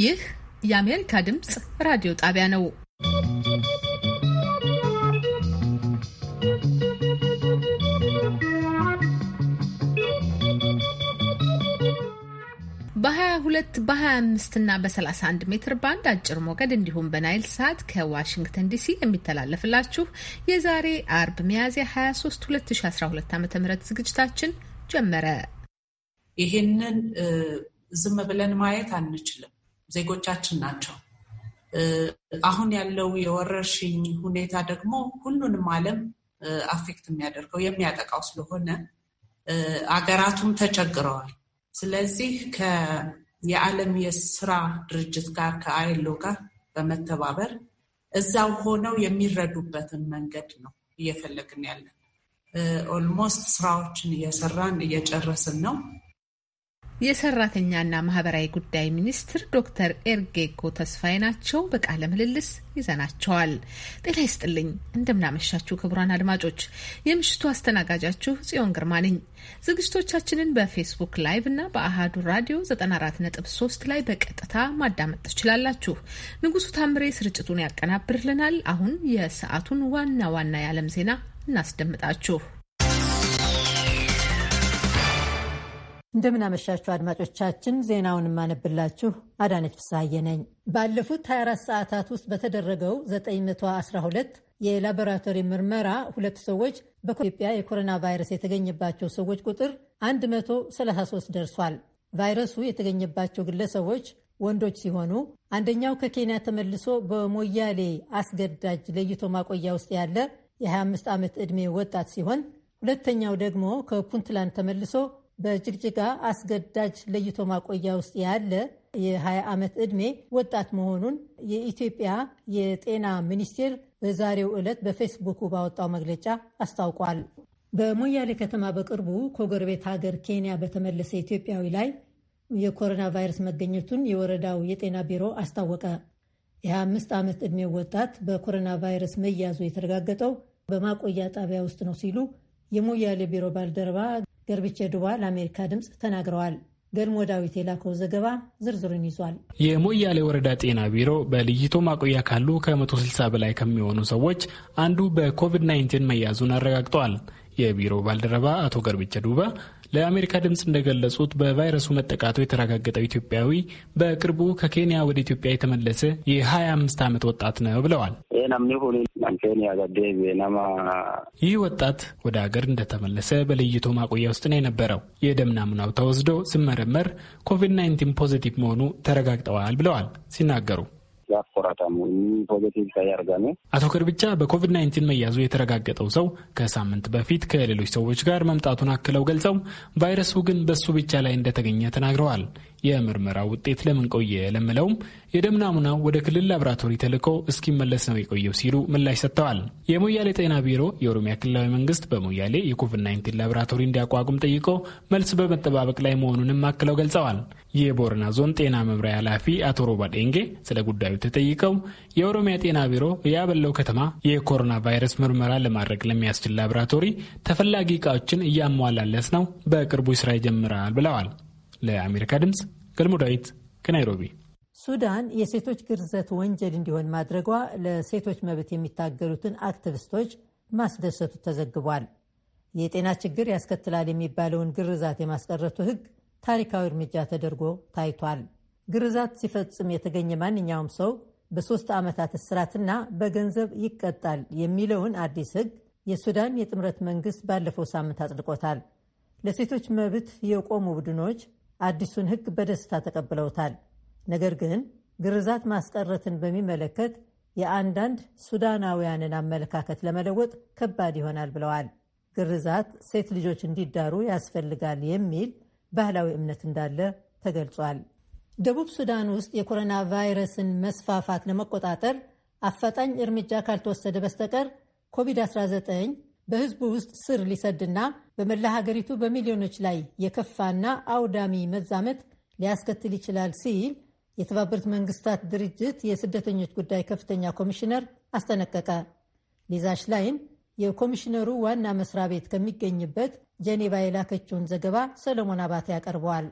ይህ የአሜሪካ ድምፅ ራዲዮ ጣቢያ ነው። በ22 በ25 እና በ31 ሜትር ባንድ አጭር ሞገድ እንዲሁም በናይል ሳት ከዋሽንግተን ዲሲ የሚተላለፍላችሁ የዛሬ አርብ ሚያዝያ 23 2012 ዓ ም ዝግጅታችን ጀመረ። ይህንን ዝም ብለን ማየት አንችልም። ዜጎቻችን ናቸው። አሁን ያለው የወረርሽኝ ሁኔታ ደግሞ ሁሉንም ዓለም አፌክት የሚያደርገው የሚያጠቃው ስለሆነ አገራቱም ተቸግረዋል። ስለዚህ የዓለም የስራ ድርጅት ጋር ከአይሎ ጋር በመተባበር እዛው ሆነው የሚረዱበትን መንገድ ነው እየፈለግን ያለን። ኦልሞስት ስራዎችን እየሰራን እየጨረስን ነው። የሰራተኛና ማህበራዊ ጉዳይ ሚኒስትር ዶክተር ኤርጌጎ ተስፋዬ ናቸው። በቃለ ምልልስ ይዘናቸዋል። ጤና ይስጥልኝ፣ እንደምናመሻችሁ ክቡራን አድማጮች፣ የምሽቱ አስተናጋጃችሁ ጽዮን ግርማ ነኝ። ዝግጅቶቻችንን በፌስቡክ ላይቭ እና በአሃዱ ራዲዮ 94.3 ላይ በቀጥታ ማዳመጥ ትችላላችሁ። ንጉሱ ታምሬ ስርጭቱን ያቀናብርልናል። አሁን የሰዓቱን ዋና ዋና የዓለም ዜና እናስደምጣችሁ። እንደምናመሻችሁ አድማጮቻችን። ዜናውን የማነብላችሁ አዳነች ፍስሐዬ ነኝ። ባለፉት 24 ሰዓታት ውስጥ በተደረገው 912 የላቦራቶሪ ምርመራ ሁለት ሰዎች በኢትዮጵያ የኮሮና ቫይረስ የተገኘባቸው ሰዎች ቁጥር 133 ደርሷል። ቫይረሱ የተገኘባቸው ግለሰቦች ወንዶች ሲሆኑ አንደኛው ከኬንያ ተመልሶ በሞያሌ አስገዳጅ ለይቶ ማቆያ ውስጥ ያለ የ25 ዓመት ዕድሜ ወጣት ሲሆን ሁለተኛው ደግሞ ከፑንትላንድ ተመልሶ በጅግጅጋ አስገዳጅ ለይቶ ማቆያ ውስጥ ያለ የ20 ዓመት ዕድሜ ወጣት መሆኑን የኢትዮጵያ የጤና ሚኒስቴር በዛሬው ዕለት በፌስቡኩ ባወጣው መግለጫ አስታውቋል። በሞያሌ ከተማ በቅርቡ ከጎረቤት ሀገር ኬንያ በተመለሰ ኢትዮጵያዊ ላይ የኮሮና ቫይረስ መገኘቱን የወረዳው የጤና ቢሮ አስታወቀ። የ25 ዓመት ዕድሜው ወጣት በኮሮና ቫይረስ መያዙ የተረጋገጠው በማቆያ ጣቢያ ውስጥ ነው ሲሉ የሞያሌ ቢሮ ባልደረባ ገርብቼ ዱባ ለአሜሪካ ድምፅ ተናግረዋል። ገልሞ ዳዊት የላከው ዘገባ ዝርዝሩን ይዟል። የሞያሌ ወረዳ ጤና ቢሮ በልይቶ ማቆያ ካሉ ከ160 በላይ ከሚሆኑ ሰዎች አንዱ በኮቪድ-19 መያዙን አረጋግጠዋል። የቢሮው ባልደረባ አቶ ገርብቼ ዱባ ለአሜሪካ ድምፅ እንደገለጹት በቫይረሱ መጠቃቱ የተረጋገጠው ኢትዮጵያዊ በቅርቡ ከኬንያ ወደ ኢትዮጵያ የተመለሰ የ25 ዓመት ወጣት ነው ብለዋል። ይህ ወጣት ወደ ሀገር እንደተመለሰ በለይቶ ማቆያ ውስጥ ነው የነበረው። የደም ናሙናው ተወስዶ ስመረመር ኮቪድ-19 ፖዚቲቭ መሆኑ ተረጋግጠዋል ብለዋል ሲናገሩ ያቆራጠሙ አቶ ከርብቻ በኮቪድ ናይንቲን መያዙ የተረጋገጠው ሰው ከሳምንት በፊት ከሌሎች ሰዎች ጋር መምጣቱን አክለው ገልጸው ቫይረሱ ግን በሱ ብቻ ላይ እንደተገኘ ተናግረዋል። የምርመራ ውጤት ለምን ቆየ ለምለውም የደም ናሙናው ወደ ክልል ላብራቶሪ ተልኮ እስኪመለስ ነው የቆየው ሲሉ ምላሽ ሰጥተዋል። የሞያሌ ጤና ቢሮ የኦሮሚያ ክልላዊ መንግስት በሞያሌ የኮቪድ-19 ላብራቶሪ እንዲያቋቁም ጠይቆ መልስ በመጠባበቅ ላይ መሆኑንም አክለው ገልጸዋል። የቦረና ዞን ጤና መምሪያ ኃላፊ አቶ ሮባ ዴንጌ ስለ ጉዳዩ ተጠይቀው የኦሮሚያ ጤና ቢሮ ያበለው ከተማ የኮሮና ቫይረስ ምርመራ ለማድረግ ለሚያስችል ላብራቶሪ ተፈላጊ እቃዎችን እያሟላለስ ነው፣ በቅርቡ ስራ ይጀምራል ብለዋል። ለአሜሪካ ድምፅ ገልሞ ዳዊት ከናይሮቢ። ሱዳን የሴቶች ግርዘት ወንጀል እንዲሆን ማድረጓ ለሴቶች መብት የሚታገሉትን አክቲቪስቶች ማስደሰቱ ተዘግቧል። የጤና ችግር ያስከትላል የሚባለውን ግርዛት የማስቀረቱ ሕግ ታሪካዊ እርምጃ ተደርጎ ታይቷል። ግርዛት ሲፈጽም የተገኘ ማንኛውም ሰው በሶስት ዓመታት እስራትና በገንዘብ ይቀጣል የሚለውን አዲስ ሕግ የሱዳን የጥምረት መንግስት ባለፈው ሳምንት አጽድቆታል። ለሴቶች መብት የቆሙ ቡድኖች አዲሱን ሕግ በደስታ ተቀብለውታል። ነገር ግን ግርዛት ማስቀረትን በሚመለከት የአንዳንድ ሱዳናውያንን አመለካከት ለመለወጥ ከባድ ይሆናል ብለዋል። ግርዛት ሴት ልጆች እንዲዳሩ ያስፈልጋል የሚል ባህላዊ እምነት እንዳለ ተገልጿል። ደቡብ ሱዳን ውስጥ የኮሮና ቫይረስን መስፋፋት ለመቆጣጠር አፋጣኝ እርምጃ ካልተወሰደ በስተቀር ኮቪድ-19 በህዝቡ ውስጥ ስር ሊሰድና በመላ ሀገሪቱ በሚሊዮኖች ላይ የከፋና አውዳሚ መዛመት ሊያስከትል ይችላል ሲል የተባበሩት መንግስታት ድርጅት የስደተኞች ጉዳይ ከፍተኛ ኮሚሽነር አስጠነቀቀ። ሊዛ ሽላይን የኮሚሽነሩ ዋና መስሪያ ቤት ከሚገኝበት ጄኔቫ የላከችውን ዘገባ ሰለሞን አባቴ ያቀርበዋል።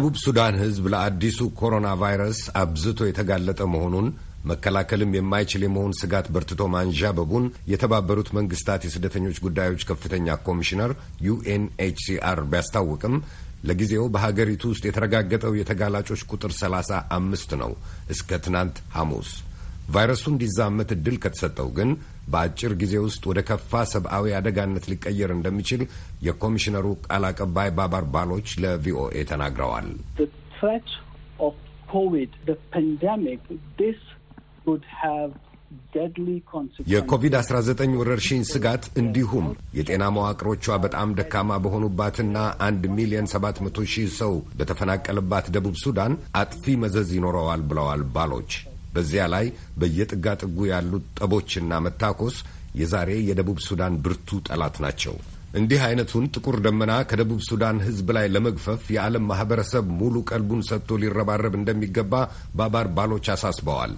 ደቡብ ሱዳን ሕዝብ ለአዲሱ ኮሮና ቫይረስ አብዝቶ የተጋለጠ መሆኑን መከላከልም የማይችል የመሆን ስጋት በርትቶ ማንዣበቡን የተባበሩት መንግስታት የስደተኞች ጉዳዮች ከፍተኛ ኮሚሽነር ዩኤንኤችሲአር ቢያስታውቅም ለጊዜው በሀገሪቱ ውስጥ የተረጋገጠው የተጋላጮች ቁጥር ሰላሳ አምስት ነው እስከ ትናንት ሐሙስ። ቫይረሱ እንዲዛመት እድል ከተሰጠው ግን በአጭር ጊዜ ውስጥ ወደ ከፋ ሰብአዊ አደጋነት ሊቀየር እንደሚችል የኮሚሽነሩ ቃል አቀባይ ባባር ባሎች ለቪኦኤ ተናግረዋል። የኮቪድ-19 ወረርሽኝ ስጋት እንዲሁም የጤና መዋቅሮቿ በጣም ደካማ በሆኑባትና አንድ ሚሊዮን ሰባት መቶ ሺህ ሰው በተፈናቀለባት ደቡብ ሱዳን አጥፊ መዘዝ ይኖረዋል ብለዋል ባሎች። በዚያ ላይ በየጥጋጥጉ ያሉት ጠቦችና መታኮስ የዛሬ የደቡብ ሱዳን ብርቱ ጠላት ናቸው። እንዲህ አይነቱን ጥቁር ደመና ከደቡብ ሱዳን ሕዝብ ላይ ለመግፈፍ የዓለም ማኅበረሰብ ሙሉ ቀልቡን ሰጥቶ ሊረባረብ እንደሚገባ ባባር ባሎች አሳስበዋል።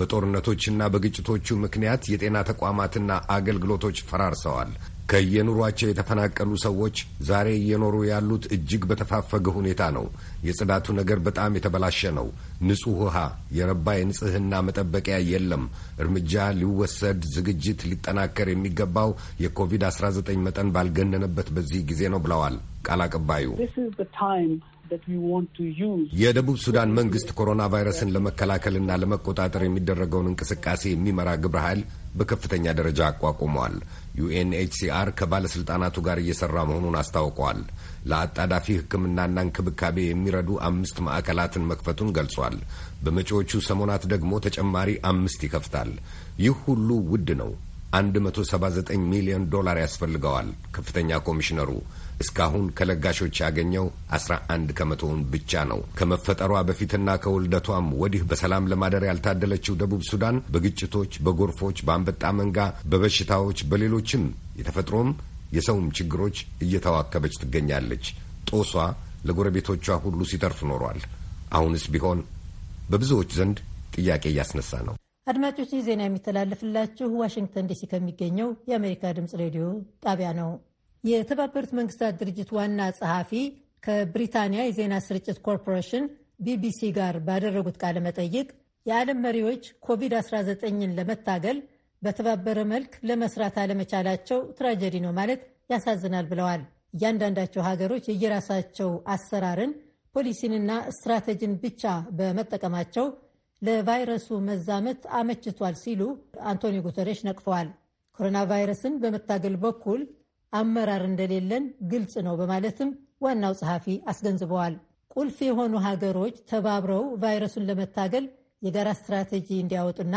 በጦርነቶችና በግጭቶቹ ምክንያት የጤና ተቋማትና አገልግሎቶች ፈራርሰዋል። ከየኑሯቸው የተፈናቀሉ ሰዎች ዛሬ እየኖሩ ያሉት እጅግ በተፋፈገ ሁኔታ ነው። የጽዳቱ ነገር በጣም የተበላሸ ነው። ንጹህ ውሃ፣ የረባ የንጽህና መጠበቂያ የለም። እርምጃ ሊወሰድ ዝግጅት ሊጠናከር የሚገባው የኮቪድ-19 መጠን ባልገነነበት በዚህ ጊዜ ነው ብለዋል ቃል አቀባዩ። የደቡብ ሱዳን መንግስት ኮሮና ቫይረስን ለመከላከልና ለመቆጣጠር የሚደረገውን እንቅስቃሴ የሚመራ ግብረ ኃይል በከፍተኛ ደረጃ አቋቁመዋል። ዩኤንኤችሲአር ከባለሥልጣናቱ ጋር እየሠራ መሆኑን አስታውቋል። ለአጣዳፊ ሕክምናና እንክብካቤ የሚረዱ አምስት ማዕከላትን መክፈቱን ገልጿል። በመጪዎቹ ሰሞናት ደግሞ ተጨማሪ አምስት ይከፍታል። ይህ ሁሉ ውድ ነው። 179 ሚሊዮን ዶላር ያስፈልገዋል። ከፍተኛ ኮሚሽነሩ እስካሁን ከለጋሾች ያገኘው 11 ከመቶውን ብቻ ነው። ከመፈጠሯ በፊትና ከውልደቷም ወዲህ በሰላም ለማደር ያልታደለችው ደቡብ ሱዳን በግጭቶች፣ በጎርፎች፣ በአንበጣ መንጋ፣ በበሽታዎች፣ በሌሎችም የተፈጥሮም የሰውም ችግሮች እየተዋከበች ትገኛለች። ጦሷ ለጎረቤቶቿ ሁሉ ሲተርፍ ኖሯል። አሁንስ ቢሆን በብዙዎች ዘንድ ጥያቄ እያስነሳ ነው። አድማጮች፣ ዜና የሚተላለፍላችሁ ዋሽንግተን ዲሲ ከሚገኘው የአሜሪካ ድምጽ ሬዲዮ ጣቢያ ነው። የተባበሩት መንግስታት ድርጅት ዋና ጸሐፊ ከብሪታንያ የዜና ስርጭት ኮርፖሬሽን ቢቢሲ ጋር ባደረጉት ቃለ መጠይቅ የዓለም መሪዎች ኮቪድ-19ን ለመታገል በተባበረ መልክ ለመስራት አለመቻላቸው ትራጀዲ ነው ማለት ያሳዝናል ብለዋል። እያንዳንዳቸው ሀገሮች የየራሳቸው አሰራርን፣ ፖሊሲንና ስትራቴጂን ብቻ በመጠቀማቸው ለቫይረሱ መዛመት አመችቷል ሲሉ አንቶኒዮ ጉተሬሽ ነቅፈዋል። ኮሮና ቫይረስን በመታገል በኩል አመራር እንደሌለን ግልጽ ነው በማለትም ዋናው ጸሐፊ አስገንዝበዋል። ቁልፍ የሆኑ ሀገሮች ተባብረው ቫይረሱን ለመታገል የጋራ ስትራቴጂ እንዲያወጡና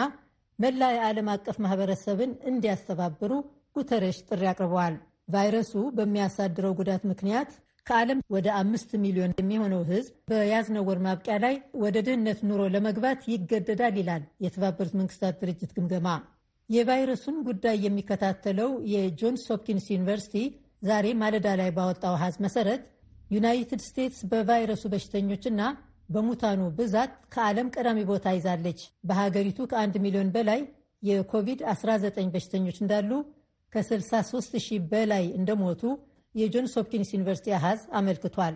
መላ የዓለም አቀፍ ማህበረሰብን እንዲያስተባብሩ ጉተረሽ ጥሪ አቅርበዋል። ቫይረሱ በሚያሳድረው ጉዳት ምክንያት ከዓለም ወደ አምስት ሚሊዮን የሚሆነው ህዝብ በያዝነው ወር ማብቂያ ላይ ወደ ድህነት ኑሮ ለመግባት ይገደዳል ይላል የተባበሩት መንግስታት ድርጅት ግምገማ። የቫይረሱን ጉዳይ የሚከታተለው የጆንስ ሆፕኪንስ ዩኒቨርሲቲ ዛሬ ማለዳ ላይ ባወጣው አሃዝ መሰረት ዩናይትድ ስቴትስ በቫይረሱ በሽተኞችና በሙታኑ ብዛት ከዓለም ቀዳሚ ቦታ ይዛለች። በሀገሪቱ ከአንድ ሚሊዮን በላይ የኮቪድ-19 በሽተኞች እንዳሉ፣ ከ63 ሺህ በላይ እንደሞቱ የጆንስ ሆፕኪንስ ዩኒቨርሲቲ አሃዝ አመልክቷል።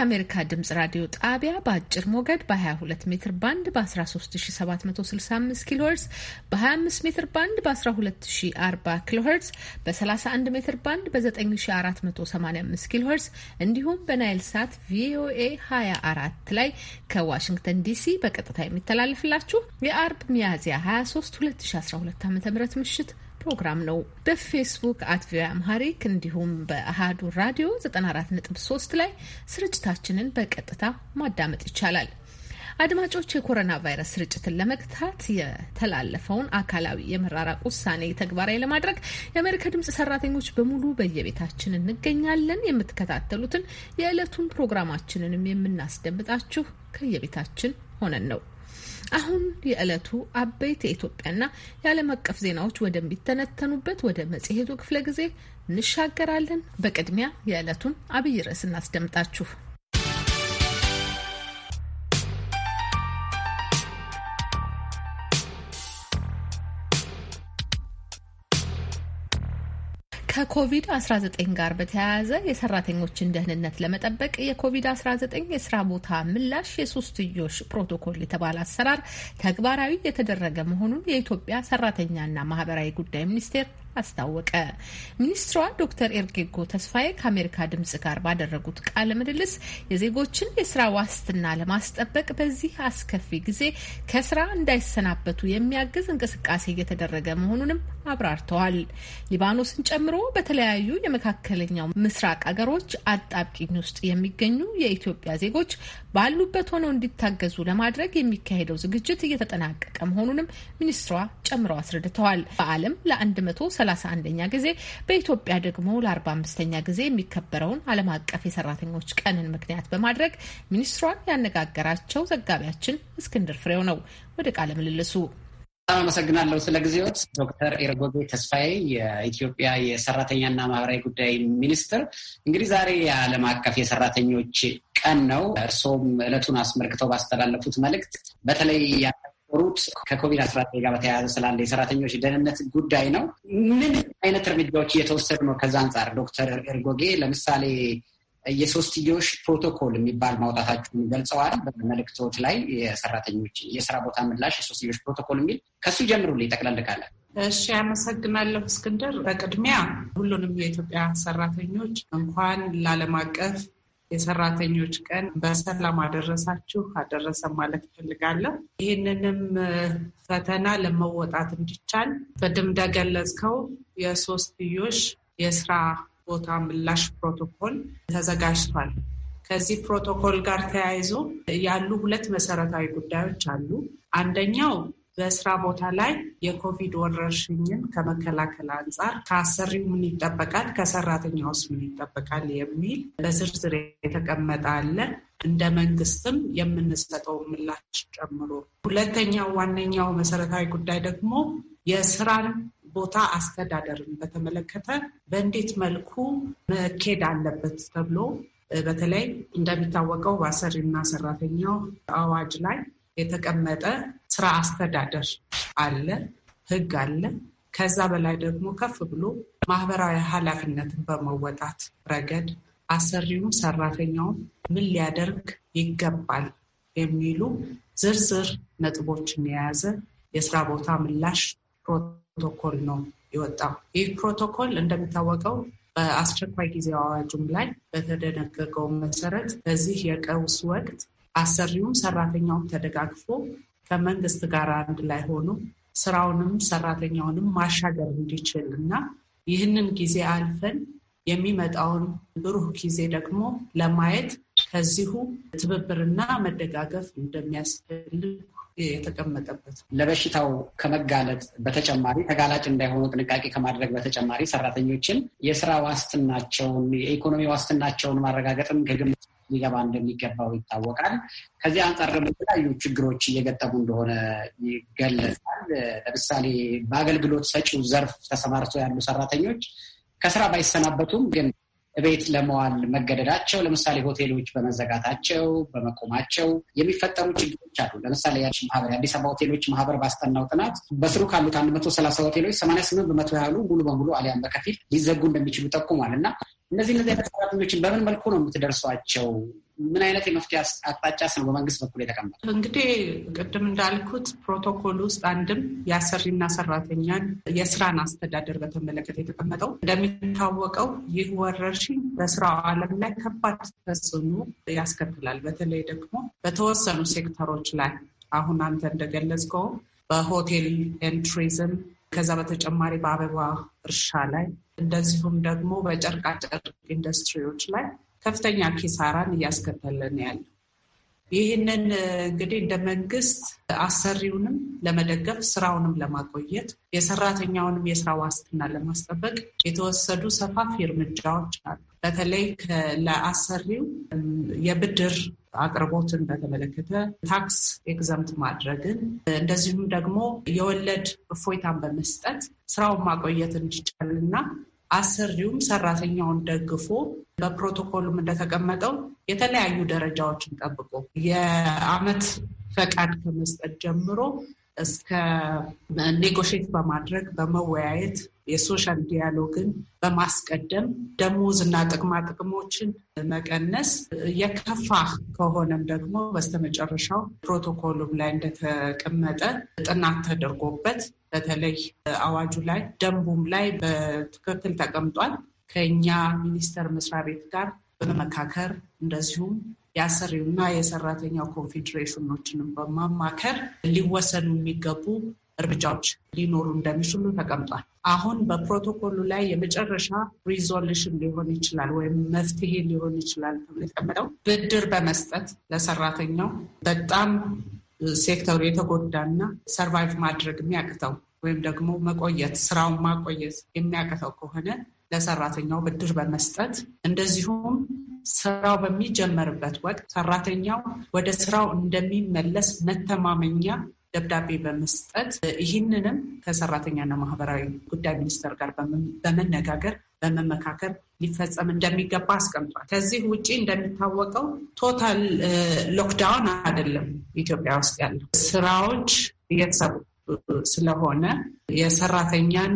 ከአሜሪካ ድምጽ ራዲዮ ጣቢያ በአጭር ሞገድ በ22 ሜትር ባንድ በ13765 ኪሎ ሄርዝ በ25 ሜትር ባንድ በ1240 ኪሎ ሄርዝ በ31 ሜትር ባንድ በ9485 ኪሎ ሄርዝ እንዲሁም በናይል ሳት ቪኦኤ 24 ላይ ከዋሽንግተን ዲሲ በቀጥታ የሚተላለፍላችሁ የአርብ ሚያዝያ 23 2012 ዓ ም ምሽት ፕሮግራም ነው። በፌስቡክ አት ቪኦኤ አምሃሪክ እንዲሁም በአሃዱ ራዲዮ 94.3 ላይ ስርጭታችንን በቀጥታ ማዳመጥ ይቻላል። አድማጮች የኮሮና ቫይረስ ስርጭትን ለመግታት የተላለፈውን አካላዊ የመራራቅ ውሳኔ ተግባራዊ ለማድረግ የአሜሪካ ድምጽ ሰራተኞች በሙሉ በየቤታችን እንገኛለን። የምትከታተሉትን የዕለቱን ፕሮግራማችንንም የምናስደምጣችሁ ከየቤታችን ሆነን ነው። አሁን የዕለቱ አበይት የኢትዮጵያና የዓለም አቀፍ ዜናዎች ወደሚተነተኑበት ወደ መጽሔቱ ክፍለ ጊዜ እንሻገራለን። በቅድሚያ የዕለቱን አብይ ርዕስ እናስደምጣችሁ። ከኮቪድ-19 ጋር በተያያዘ የሰራተኞችን ደህንነት ለመጠበቅ የኮቪድ-19 የስራ ቦታ ምላሽ የሶስትዮሽ ፕሮቶኮል የተባለ አሰራር ተግባራዊ የተደረገ መሆኑን የኢትዮጵያ ሰራተኛና ማህበራዊ ጉዳይ ሚኒስቴር አስታወቀ። ሚኒስትሯ ዶክተር ኤርጌጎ ተስፋዬ ከአሜሪካ ድምጽ ጋር ባደረጉት ቃለ ምልልስ የዜጎችን የስራ ዋስትና ለማስጠበቅ በዚህ አስከፊ ጊዜ ከስራ እንዳይሰናበቱ የሚያግዝ እንቅስቃሴ እየተደረገ መሆኑንም አብራርተዋል። ሊባኖስን ጨምሮ በተለያዩ የመካከለኛው ምስራቅ አገሮች አጣብቂኝ ውስጥ የሚገኙ የኢትዮጵያ ዜጎች ባሉበት ሆነው እንዲታገዙ ለማድረግ የሚካሄደው ዝግጅት እየተጠናቀቀ መሆኑንም ሚኒስትሯ ጨምረው አስረድተዋል። በዓለም ለ1 ለ31ኛ ጊዜ በኢትዮጵያ ደግሞ ለ45ኛ ጊዜ የሚከበረውን ዓለም አቀፍ የሰራተኞች ቀንን ምክንያት በማድረግ ሚኒስትሯን ያነጋገራቸው ዘጋቢያችን እስክንድር ፍሬው ነው። ወደ ቃለ ምልልሱ። በጣም አመሰግናለሁ ስለ ጊዜዎት። ዶክተር ኤርጎቤ ተስፋዬ የኢትዮጵያ የሰራተኛና ማህበራዊ ጉዳይ ሚኒስትር። እንግዲህ ዛሬ የዓለም አቀፍ የሰራተኞች ቀን ነው። እርስዎም እለቱን አስመልክተው ባስተላለፉት መልእክት በተለይ ሩት ከኮቪድ አስራ ዘጠኝ ጋር በተያያዘ ስላለ የሰራተኞች ደህንነት ጉዳይ ነው። ምን አይነት እርምጃዎች እየተወሰዱ ነው? ከዛ አንጻር ዶክተር እርጎጌ ለምሳሌ የሶስትዮሽ ፕሮቶኮል የሚባል ማውጣታችሁን ገልጸዋል። በመልእክቶች ላይ የሰራተኞች የስራ ቦታ ምላሽ የሶስትዮሽ ፕሮቶኮል የሚል ከሱ ጀምሩ ላይ ካለ። እሺ፣ ያመሰግናለሁ እስክንድር። በቅድሚያ ሁሉንም የኢትዮጵያ ሰራተኞች እንኳን ለዓለም አቀፍ የሰራተኞች ቀን በሰላም አደረሳችሁ አደረሰ ማለት እፈልጋለሁ። ይህንንም ፈተና ለመወጣት እንዲቻል በድም እንደገለጽከው የሶስትዮሽ የስራ ቦታ ምላሽ ፕሮቶኮል ተዘጋጅቷል። ከዚህ ፕሮቶኮል ጋር ተያይዞ ያሉ ሁለት መሰረታዊ ጉዳዮች አሉ። አንደኛው በስራ ቦታ ላይ የኮቪድ ወረርሽኝን ከመከላከል አንጻር ከአሰሪው ምን ይጠበቃል፣ ከሰራተኛውስ ምን ይጠበቃል የሚል በዝርዝር የተቀመጠ አለ። እንደ መንግስትም የምንሰጠው ምላሽ ጨምሮ። ሁለተኛው ዋነኛው መሰረታዊ ጉዳይ ደግሞ የስራን ቦታ አስተዳደርን በተመለከተ በእንዴት መልኩ መኬድ አለበት ተብሎ በተለይ እንደሚታወቀው በአሰሪና ሰራተኛው አዋጅ ላይ የተቀመጠ ስራ አስተዳደር አለ፣ ህግ አለ። ከዛ በላይ ደግሞ ከፍ ብሎ ማህበራዊ ኃላፊነትን በመወጣት ረገድ አሰሪውም ሰራተኛውም ምን ሊያደርግ ይገባል የሚሉ ዝርዝር ነጥቦችን የያዘ የስራ ቦታ ምላሽ ፕሮቶኮል ነው የወጣው። ይህ ፕሮቶኮል እንደሚታወቀው በአስቸኳይ ጊዜ አዋጁም ላይ በተደነገገው መሰረት በዚህ የቀውስ ወቅት አሰሪውም ሰራተኛውም ተደጋግፎ ከመንግስት ጋር አንድ ላይ ሆኖ ስራውንም ሰራተኛውንም ማሻገር እንዲችል እና ይህንን ጊዜ አልፈን የሚመጣውን ብሩህ ጊዜ ደግሞ ለማየት ከዚሁ ትብብርና መደጋገፍ እንደሚያስፈልግ የተቀመጠበት ለበሽታው ከመጋለጥ በተጨማሪ ተጋላጭ እንዳይሆኑ ጥንቃቄ ከማድረግ በተጨማሪ ሰራተኞችን የስራ ዋስትናቸውን የኢኮኖሚ ዋስትናቸውን ማረጋገጥም ከግምት ሊገባ እንደሚገባው ይታወቃል። ከዚህ አንጻር ደግሞ የተለያዩ ችግሮች እየገጠሙ እንደሆነ ይገለጻል። ለምሳሌ በአገልግሎት ሰጪው ዘርፍ ተሰማርተው ያሉ ሰራተኞች ከስራ ባይሰናበቱም ግን ቤት ለመዋል መገደዳቸው ለምሳሌ ሆቴሎች በመዘጋታቸው በመቆማቸው የሚፈጠሩ ችግሮች አሉ። ለምሳሌ ያችን ማህበር የአዲስ አበባ ሆቴሎች ማህበር ባስጠናው ጥናት በስሩ ካሉት አንድ መቶ ሰላሳ ሆቴሎች ሰማንያ ስምንት በመቶ ያሉ ሙሉ በሙሉ አሊያም በከፊል ሊዘጉ እንደሚችሉ ጠቁሟል እና እነዚህ እነዚህ አይነት ሰራተኞችን በምን መልኩ ነው የምትደርሷቸው? ምን አይነት የመፍትሄ አቅጣጫ ነው በመንግስት በኩል የተቀመጠ? እንግዲህ ቅድም እንዳልኩት ፕሮቶኮል ውስጥ አንድም የአሰሪና ሰራተኛን የስራን አስተዳደር በተመለከተ የተቀመጠው እንደሚታወቀው ይህ ወረርሽኝ በስራው ዓለም ላይ ከባድ ተጽዕኖ ያስከትላል። በተለይ ደግሞ በተወሰኑ ሴክተሮች ላይ አሁን አንተ እንደገለጽከው በሆቴል ኤንድ ቱሪዝም ከዛ በተጨማሪ በአበባ እርሻ ላይ እንደዚሁም ደግሞ በጨርቃጨርቅ ኢንዱስትሪዎች ላይ ከፍተኛ ኪሳራን እያስከተለን ያለ ይህንን እንግዲህ እንደ መንግስት አሰሪውንም ለመደገፍ ስራውንም ለማቆየት የሰራተኛውንም የስራ ዋስትና ለማስጠበቅ የተወሰዱ ሰፋፊ እርምጃዎች አሉ። በተለይ ለአሰሪው የብድር አቅርቦትን በተመለከተ ታክስ ኤግዘምት ማድረግን እንደዚሁም ደግሞ የወለድ እፎይታን በመስጠት ስራውን ማቆየት እንዲቻልና አሰሪውም ሰራተኛውን ደግፎ በፕሮቶኮሉም እንደተቀመጠው የተለያዩ ደረጃዎችን ጠብቆ የአመት ፈቃድ ከመስጠት ጀምሮ እስከ ኔጎሽት በማድረግ በመወያየት የሶሻል ዲያሎግን በማስቀደም ደሞዝ እና ጥቅማ ጥቅሞችን መቀነስ የከፋ ከሆነም ደግሞ በስተመጨረሻው ፕሮቶኮሉም ላይ እንደተቀመጠ ጥናት ተደርጎበት በተለይ አዋጁ ላይ ደንቡም ላይ በትክክል ተቀምጧል። ከኛ ሚኒስቴር መስሪያ ቤት ጋር በመመካከር እንደዚሁም የአሰሪውና የሰራተኛው ኮንፌዴሬሽኖችንም በማማከር ሊወሰዱ የሚገቡ እርምጃዎች ሊኖሩ እንደሚችሉ ተቀምጧል። አሁን በፕሮቶኮሉ ላይ የመጨረሻ ሪዞሉሽን ሊሆን ይችላል ወይም መፍትሄ ሊሆን ይችላል ተብሎ የተቀመጠው ብድር በመስጠት ለሰራተኛው በጣም ሴክተሩ የተጎዳና ሰርቫይቭ ማድረግ የሚያቅተው ወይም ደግሞ መቆየት ስራውን ማቆየት የሚያቅተው ከሆነ ለሰራተኛው ብድር በመስጠት እንደዚሁም ስራው በሚጀመርበት ወቅት ሰራተኛው ወደ ስራው እንደሚመለስ መተማመኛ ደብዳቤ በመስጠት ይህንንም ከሰራተኛና ማህበራዊ ጉዳይ ሚኒስቴር ጋር በመነጋገር በመመካከር ሊፈጸም እንደሚገባ አስቀምጧል። ከዚህ ውጭ እንደሚታወቀው ቶታል ሎክዳውን አይደለም ኢትዮጵያ ውስጥ ያለው ስራዎች እየተሰሩ ስለሆነ የሰራተኛን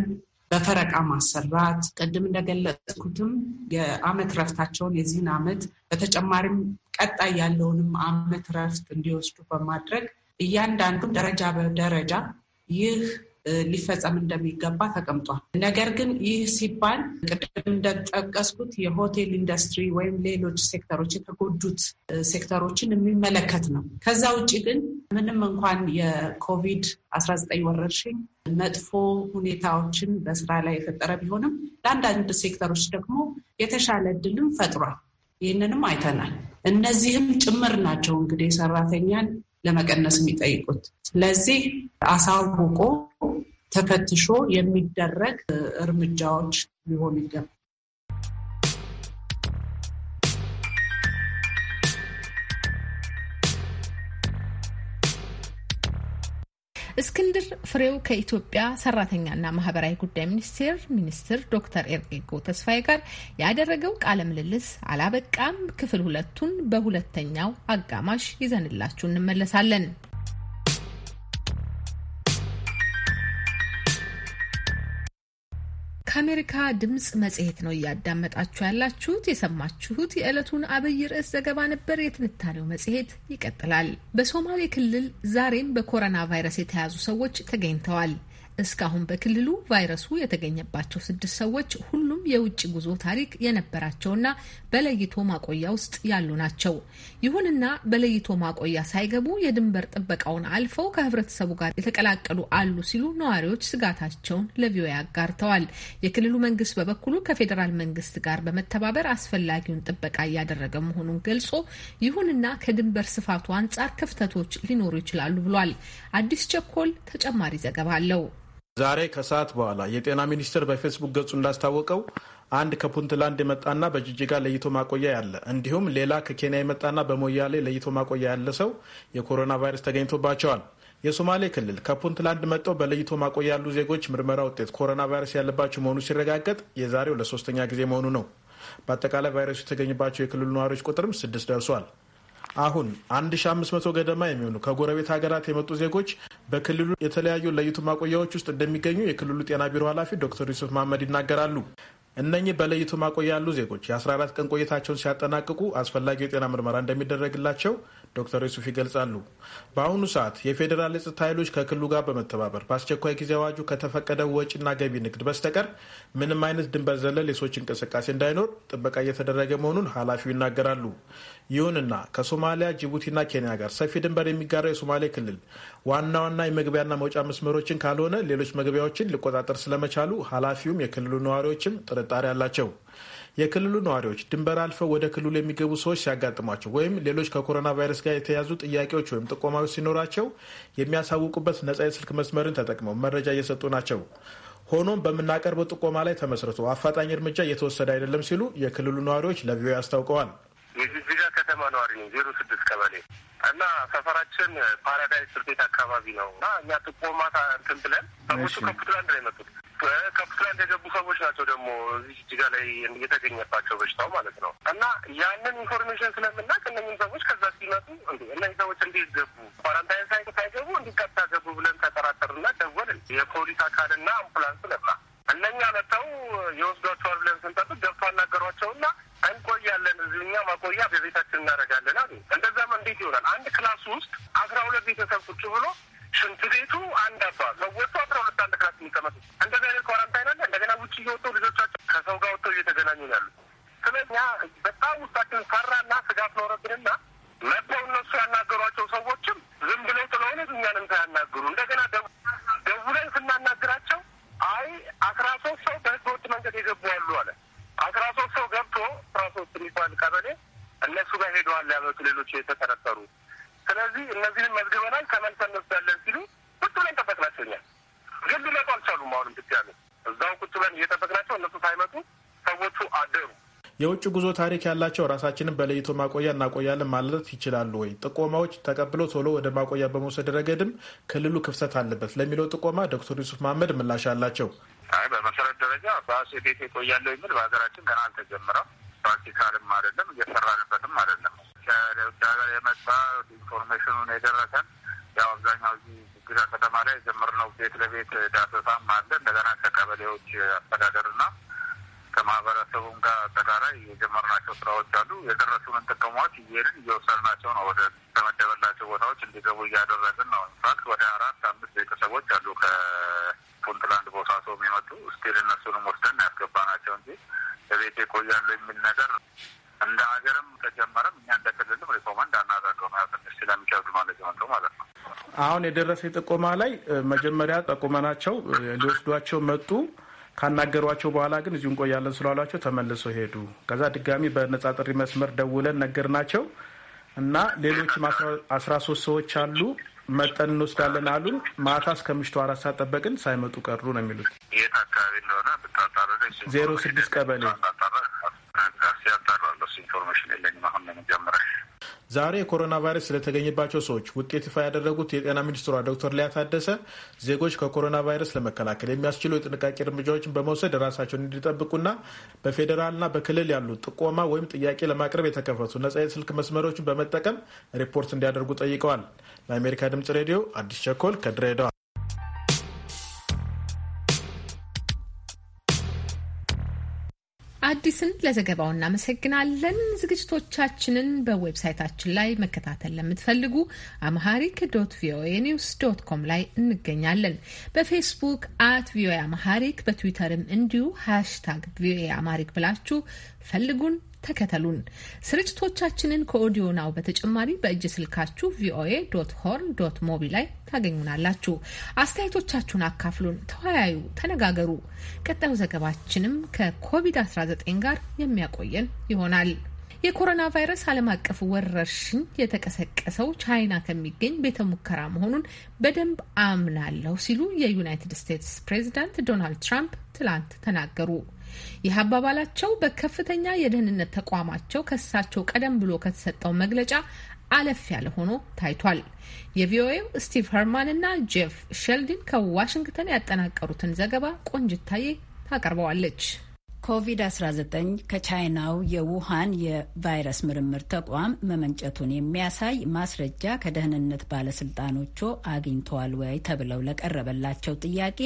በፈረቃ ማሰራት ቅድም እንደገለጽኩትም የአመት ረፍታቸውን የዚህን አመት በተጨማሪም ቀጣይ ያለውንም አመት ረፍት እንዲወስዱ በማድረግ እያንዳንዱ ደረጃ በደረጃ ይህ ሊፈጸም እንደሚገባ ተቀምጧል። ነገር ግን ይህ ሲባል ቅድም እንደጠቀስኩት የሆቴል ኢንዱስትሪ ወይም ሌሎች ሴክተሮች የተጎዱት ሴክተሮችን የሚመለከት ነው። ከዛ ውጭ ግን ምንም እንኳን የኮቪድ 19 ወረርሽኝ መጥፎ ሁኔታዎችን በስራ ላይ የፈጠረ ቢሆንም ለአንዳንድ ሴክተሮች ደግሞ የተሻለ እድልም ፈጥሯል። ይህንንም አይተናል። እነዚህም ጭምር ናቸው እንግዲህ ሰራተኛን ለመቀነስ የሚጠይቁት። ስለዚህ አሳውቆ ተፈትሾ የሚደረግ እርምጃዎች ሊሆን ይገባል። እስክንድር ፍሬው ከኢትዮጵያ ሰራተኛና ማህበራዊ ጉዳይ ሚኒስቴር ሚኒስትር ዶክተር ኤርጌጎ ተስፋዬ ጋር ያደረገው ቃለ ምልልስ አላበቃም። ክፍል ሁለቱን በሁለተኛው አጋማሽ ይዘንላችሁ እንመለሳለን። ከአሜሪካ ድምፅ መጽሔት ነው እያዳመጣችሁ ያላችሁት። የሰማችሁት የዕለቱን አብይ ርዕስ ዘገባ ነበር። የትንታኔው መጽሔት ይቀጥላል። በሶማሌ ክልል ዛሬም በኮሮና ቫይረስ የተያዙ ሰዎች ተገኝተዋል። እስካሁን በክልሉ ቫይረሱ የተገኘባቸው ስድስት ሰዎች ሁሉም የውጭ ጉዞ ታሪክ የነበራቸውና በለይቶ ማቆያ ውስጥ ያሉ ናቸው። ይሁንና በለይቶ ማቆያ ሳይገቡ የድንበር ጥበቃውን አልፈው ከህብረተሰቡ ጋር የተቀላቀሉ አሉ ሲሉ ነዋሪዎች ስጋታቸውን ለቪኦኤ አጋርተዋል። የክልሉ መንግስት በበኩሉ ከፌዴራል መንግስት ጋር በመተባበር አስፈላጊውን ጥበቃ እያደረገ መሆኑን ገልጾ ይሁንና ከድንበር ስፋቱ አንጻር ክፍተቶች ሊኖሩ ይችላሉ ብሏል። አዲስ ቸኮል ተጨማሪ ዘገባ አለው። ዛሬ ከሰዓት በኋላ የጤና ሚኒስቴር በፌስቡክ ገጹ እንዳስታወቀው አንድ ከፑንትላንድ የመጣና በጅጅጋ ለይቶ ማቆያ ያለ እንዲሁም ሌላ ከኬንያ የመጣና በሞያሌ ለይቶ ማቆያ ያለ ሰው የኮሮና ቫይረስ ተገኝቶባቸዋል። የሶማሌ ክልል ከፑንትላንድ መጥተው በለይቶ ማቆያ ያሉ ዜጎች ምርመራ ውጤት ኮሮና ቫይረስ ያለባቸው መሆኑ ሲረጋገጥ የዛሬው ለሶስተኛ ጊዜ መሆኑ ነው። በአጠቃላይ ቫይረሱ የተገኝባቸው የክልሉ ነዋሪዎች ቁጥርም ስድስት ደርሷል። አሁን 1500 ገደማ የሚሆኑ ከጎረቤት ሀገራት የመጡ ዜጎች በክልሉ የተለያዩ ለይቱ ማቆያዎች ውስጥ እንደሚገኙ የክልሉ ጤና ቢሮ ኃላፊ ዶክተር ዩሱፍ መሀመድ ይናገራሉ። እነኚህ በለይቱ ማቆያ ያሉ ዜጎች የ14 ቀን ቆይታቸውን ሲያጠናቅቁ አስፈላጊው የጤና ምርመራ እንደሚደረግላቸው ዶክተር ዩሱፍ ይገልጻሉ። በአሁኑ ሰዓት የፌዴራል የጸጥታ ኃይሎች ከክልሉ ጋር በመተባበር በአስቸኳይ ጊዜ አዋጁ ከተፈቀደ ወጪና ገቢ ንግድ በስተቀር ምንም አይነት ድንበር ዘለል የሰዎች እንቅስቃሴ እንዳይኖር ጥበቃ እየተደረገ መሆኑን ኃላፊው ይናገራሉ። ይሁንና ከሶማሊያ ጅቡቲና ኬንያ ጋር ሰፊ ድንበር የሚጋራው የሶማሌ ክልል ዋና ዋና የመግቢያና መውጫ መስመሮችን ካልሆነ ሌሎች መግቢያዎችን ሊቆጣጠር ስለመቻሉ ኃላፊውም የክልሉ ነዋሪዎችም ጥርጣሬ አላቸው። የክልሉ ነዋሪዎች ድንበር አልፈው ወደ ክልሉ የሚገቡ ሰዎች ሲያጋጥሟቸው ወይም ሌሎች ከኮሮና ቫይረስ ጋር የተያዙ ጥያቄዎች ወይም ጥቆማዎች ሲኖራቸው የሚያሳውቁበት ነጻ የስልክ መስመርን ተጠቅመው መረጃ እየሰጡ ናቸው። ሆኖም በምናቀርበው ጥቆማ ላይ ተመስርቶ አፋጣኝ እርምጃ እየተወሰደ አይደለም ሲሉ የክልሉ ነዋሪዎች ለቪኦኤ አስታውቀዋል። የጅጅጋ ከተማ ነዋሪ ነው ዜሮ ስድስት ቀበሌ እና ሰፈራችን ፓራዳይስ ስርቤት አካባቢ ነው እና እኛ ጥቆማ እንትን ብለን ሰዎቹ ከፑትላንድ ነው የመጡት ከፍትላ እንደገቡ ሰዎች ናቸው ደግሞ እዚህ ጅጅጋ ላይ የተገኘባቸው በሽታው ማለት ነው። እና ያንን ኢንፎርሜሽን ስለምናቅ እነኝም ሰዎች ከዛ ሲመጡ እንዲ እነዚህ ሰዎች እንዴት ገቡ ኳራንታይን ሳይ ሳይገቡ እንዲቀጣ ገቡ ብለን ተጠራጠርና ደወልን። የፖሊስ አካልና አምቡላንስ ለማ እነኛ መጥተው የወስዷቸዋል ብለን ስንጠጡ ገብቶ አናገሯቸውና እንቆያለን እዚህኛ ማቆያ በቤታችን እናደርጋለን አሉ። እንደዛም እንዴት ይሆናል? አንድ ክላስ ውስጥ አስራ ሁለት ቤተሰብ ቁጭ ብሎ ሽንት ቤቱ አንድ አባል ሰዎቹ አስራ ሁለት አንድ ክላስ የሚቀመጡ እንደዚህ አይነት ኳራንታይን አለ። እንደገና ውጭ እየወጡ ልጆቻቸው ከሰው ጋር ወጥተው እየተገናኙ ያሉ ስለኛ በጣም ውስጣችን ፈራና ስጋት ኖረብንና መጥተው እነሱ ያናገሯቸው ሰዎችም ዝም ብለው ጥለውን እኛንም ሳያናግሩ እንደገና ደውለን ስናናግራቸው አይ አስራ ሶስት ሰው በህገወጥ መንገድ የገቡ አሉ አለ። አስራ ሶስት ሰው ገብቶ አስራ ሶስት የሚባል ቀበሌ እነሱ ጋር ሄደዋል ያሉት ሌሎች የተጠረጠሩ ስለዚህ እነዚህን መዝግበናል ተመልሰን እንወስዳለን ሲሉ ቁጭ ብለን ጠበቅናቸውኛል። ግን ሊመጡ አልቻሉም። አሁንም ብትያሉ እዛው ቁጭ ብለን እየጠበቅናቸው እነሱ ሳይመጡ ሰዎቹ አደሩ። የውጭ ጉዞ ታሪክ ያላቸው ራሳችንን በለይቶ ማቆያ እናቆያለን ማለት ይችላሉ ወይ? ጥቆማዎች ተቀብሎ ቶሎ ወደ ማቆያ በመውሰድ ረገድም ክልሉ ክፍተት አለበት ለሚለው ጥቆማ ዶክተር ዩሱፍ መሀመድ ምላሽ አላቸው። አይ በመሰረት ደረጃ በአሴ ቤት የቆያለው የሚል በሀገራችን ገና አልተጀመረም። ፕራክቲካልም አይደለም እየሰራንበትም አይደለም። ከሌሎች ሀገር የመጣ ኢንፎርሜሽኑን የደረሰን ያው አብዛኛው እዚህ ግዛ ከተማ ላይ የጀመርነው ቤት ለቤት ዳሰሳም አለ። እንደገና ከቀበሌዎች አስተዳደርና ከማህበረሰቡም ጋር አጠቃላይ የጀመርናቸው ስራዎች አሉ። የደረሱንን ጥቅሞች እየሄድን እየወሰድናቸው ነው። ወደ ተመደበላቸው ቦታዎች እንዲገቡ እያደረግን ነው። ኢንፋክት ወደ አራት አምስት ቤተሰቦች አሉ ከፑንትላንድ ቦታ ሰው የሚመጡ ስቲል እነሱንም ወስደን ያስገባናቸው እንጂ ለቤት የቆያሉ የሚል ነገር እንደ ሀገርም ተጀመረም እኛ እንደ ክልልም ሪኮመንድ አናደርገው ትንሽ ስለሚከብድ ማለት ነው ማለት ነው። አሁን የደረሰ ጥቆማ ላይ መጀመሪያ ጠቁመናቸው ሊወስዷቸው መጡ። ካናገሯቸው በኋላ ግን እዚሁ እንቆያለን ስላሏቸው ተመልሶ ሄዱ። ከዛ ድጋሚ በነጻ ጥሪ መስመር ደውለን ነገር ናቸው እና ሌሎችም አስራ ሶስት ሰዎች አሉ መጠን እንወስዳለን አሉን። ማታ እስከ ምሽቱ አራት ሰዓት ጠበቅን፣ ሳይመጡ ቀሩ ነው የሚሉት። አካባቢ እንደሆነ ብታጣረ ዜሮ ስድስት ቀበሌ አንጻር ኢንፎርሜሽን የለኝም። አሁን ለመጀመሪያ ዛሬ የኮሮና ቫይረስ ስለተገኘባቸው ሰዎች ውጤት ይፋ ያደረጉት የጤና ሚኒስትሯ ዶክተር ሊያ ታደሰ ዜጎች ከኮሮና ቫይረስ ለመከላከል የሚያስችሉ የጥንቃቄ እርምጃዎችን በመውሰድ ራሳቸውን እንዲጠብቁና በፌዴራልና በክልል ያሉ ጥቆማ ወይም ጥያቄ ለማቅረብ የተከፈቱ ነጻ የስልክ መስመሮችን በመጠቀም ሪፖርት እንዲያደርጉ ጠይቀዋል። ለአሜሪካ ድምጽ ሬዲዮ አዲስ ቸኮል ከድሬዳዋ አዲስን ለዘገባው እናመሰግናለን። ዝግጅቶቻችንን በዌብሳይታችን ላይ መከታተል ለምትፈልጉ አምሃሪክ ዶት ቪኦኤ ኒውስ ዶት ኮም ላይ እንገኛለን። በፌስቡክ አት ቪኦኤ አምሃሪክ፣ በትዊተርም እንዲሁ ሃሽታግ ቪኦኤ አማሪክ ብላችሁ ፈልጉን ተከተሉን። ስርጭቶቻችንን ከኦዲዮ ናው በተጨማሪ በእጅ ስልካችሁ ቪኦኤ ዶት ሆርን ዶት ሞቢ ላይ ታገኙናላችሁ። አስተያየቶቻችሁን አካፍሉን፣ ተወያዩ፣ ተነጋገሩ። ቀጣዩ ዘገባችንም ከኮቪድ-19 ጋር የሚያቆየን ይሆናል። የኮሮና ቫይረስ ዓለም አቀፍ ወረርሽኝ የተቀሰቀሰው ቻይና ከሚገኝ ቤተ ሙከራ መሆኑን በደንብ አምናለሁ ሲሉ የዩናይትድ ስቴትስ ፕሬዚዳንት ዶናልድ ትራምፕ ትላንት ተናገሩ። ይህ አባባላቸው በከፍተኛ የደህንነት ተቋማቸው ከሳቸው ቀደም ብሎ ከተሰጠው መግለጫ አለፍ ያለ ሆኖ ታይቷል። የቪኦኤው ስቲቭ ሀርማን እና ጄፍ ሼልዲን ከዋሽንግተን ያጠናቀሩትን ዘገባ ቆንጅታዬ ታቀርበዋለች። ኮቪድ-19 ከቻይናው የውሃን የቫይረስ ምርምር ተቋም መመንጨቱን የሚያሳይ ማስረጃ ከደህንነት ባለስልጣኖቹ አግኝተዋል ወይ ተብለው ለቀረበላቸው ጥያቄ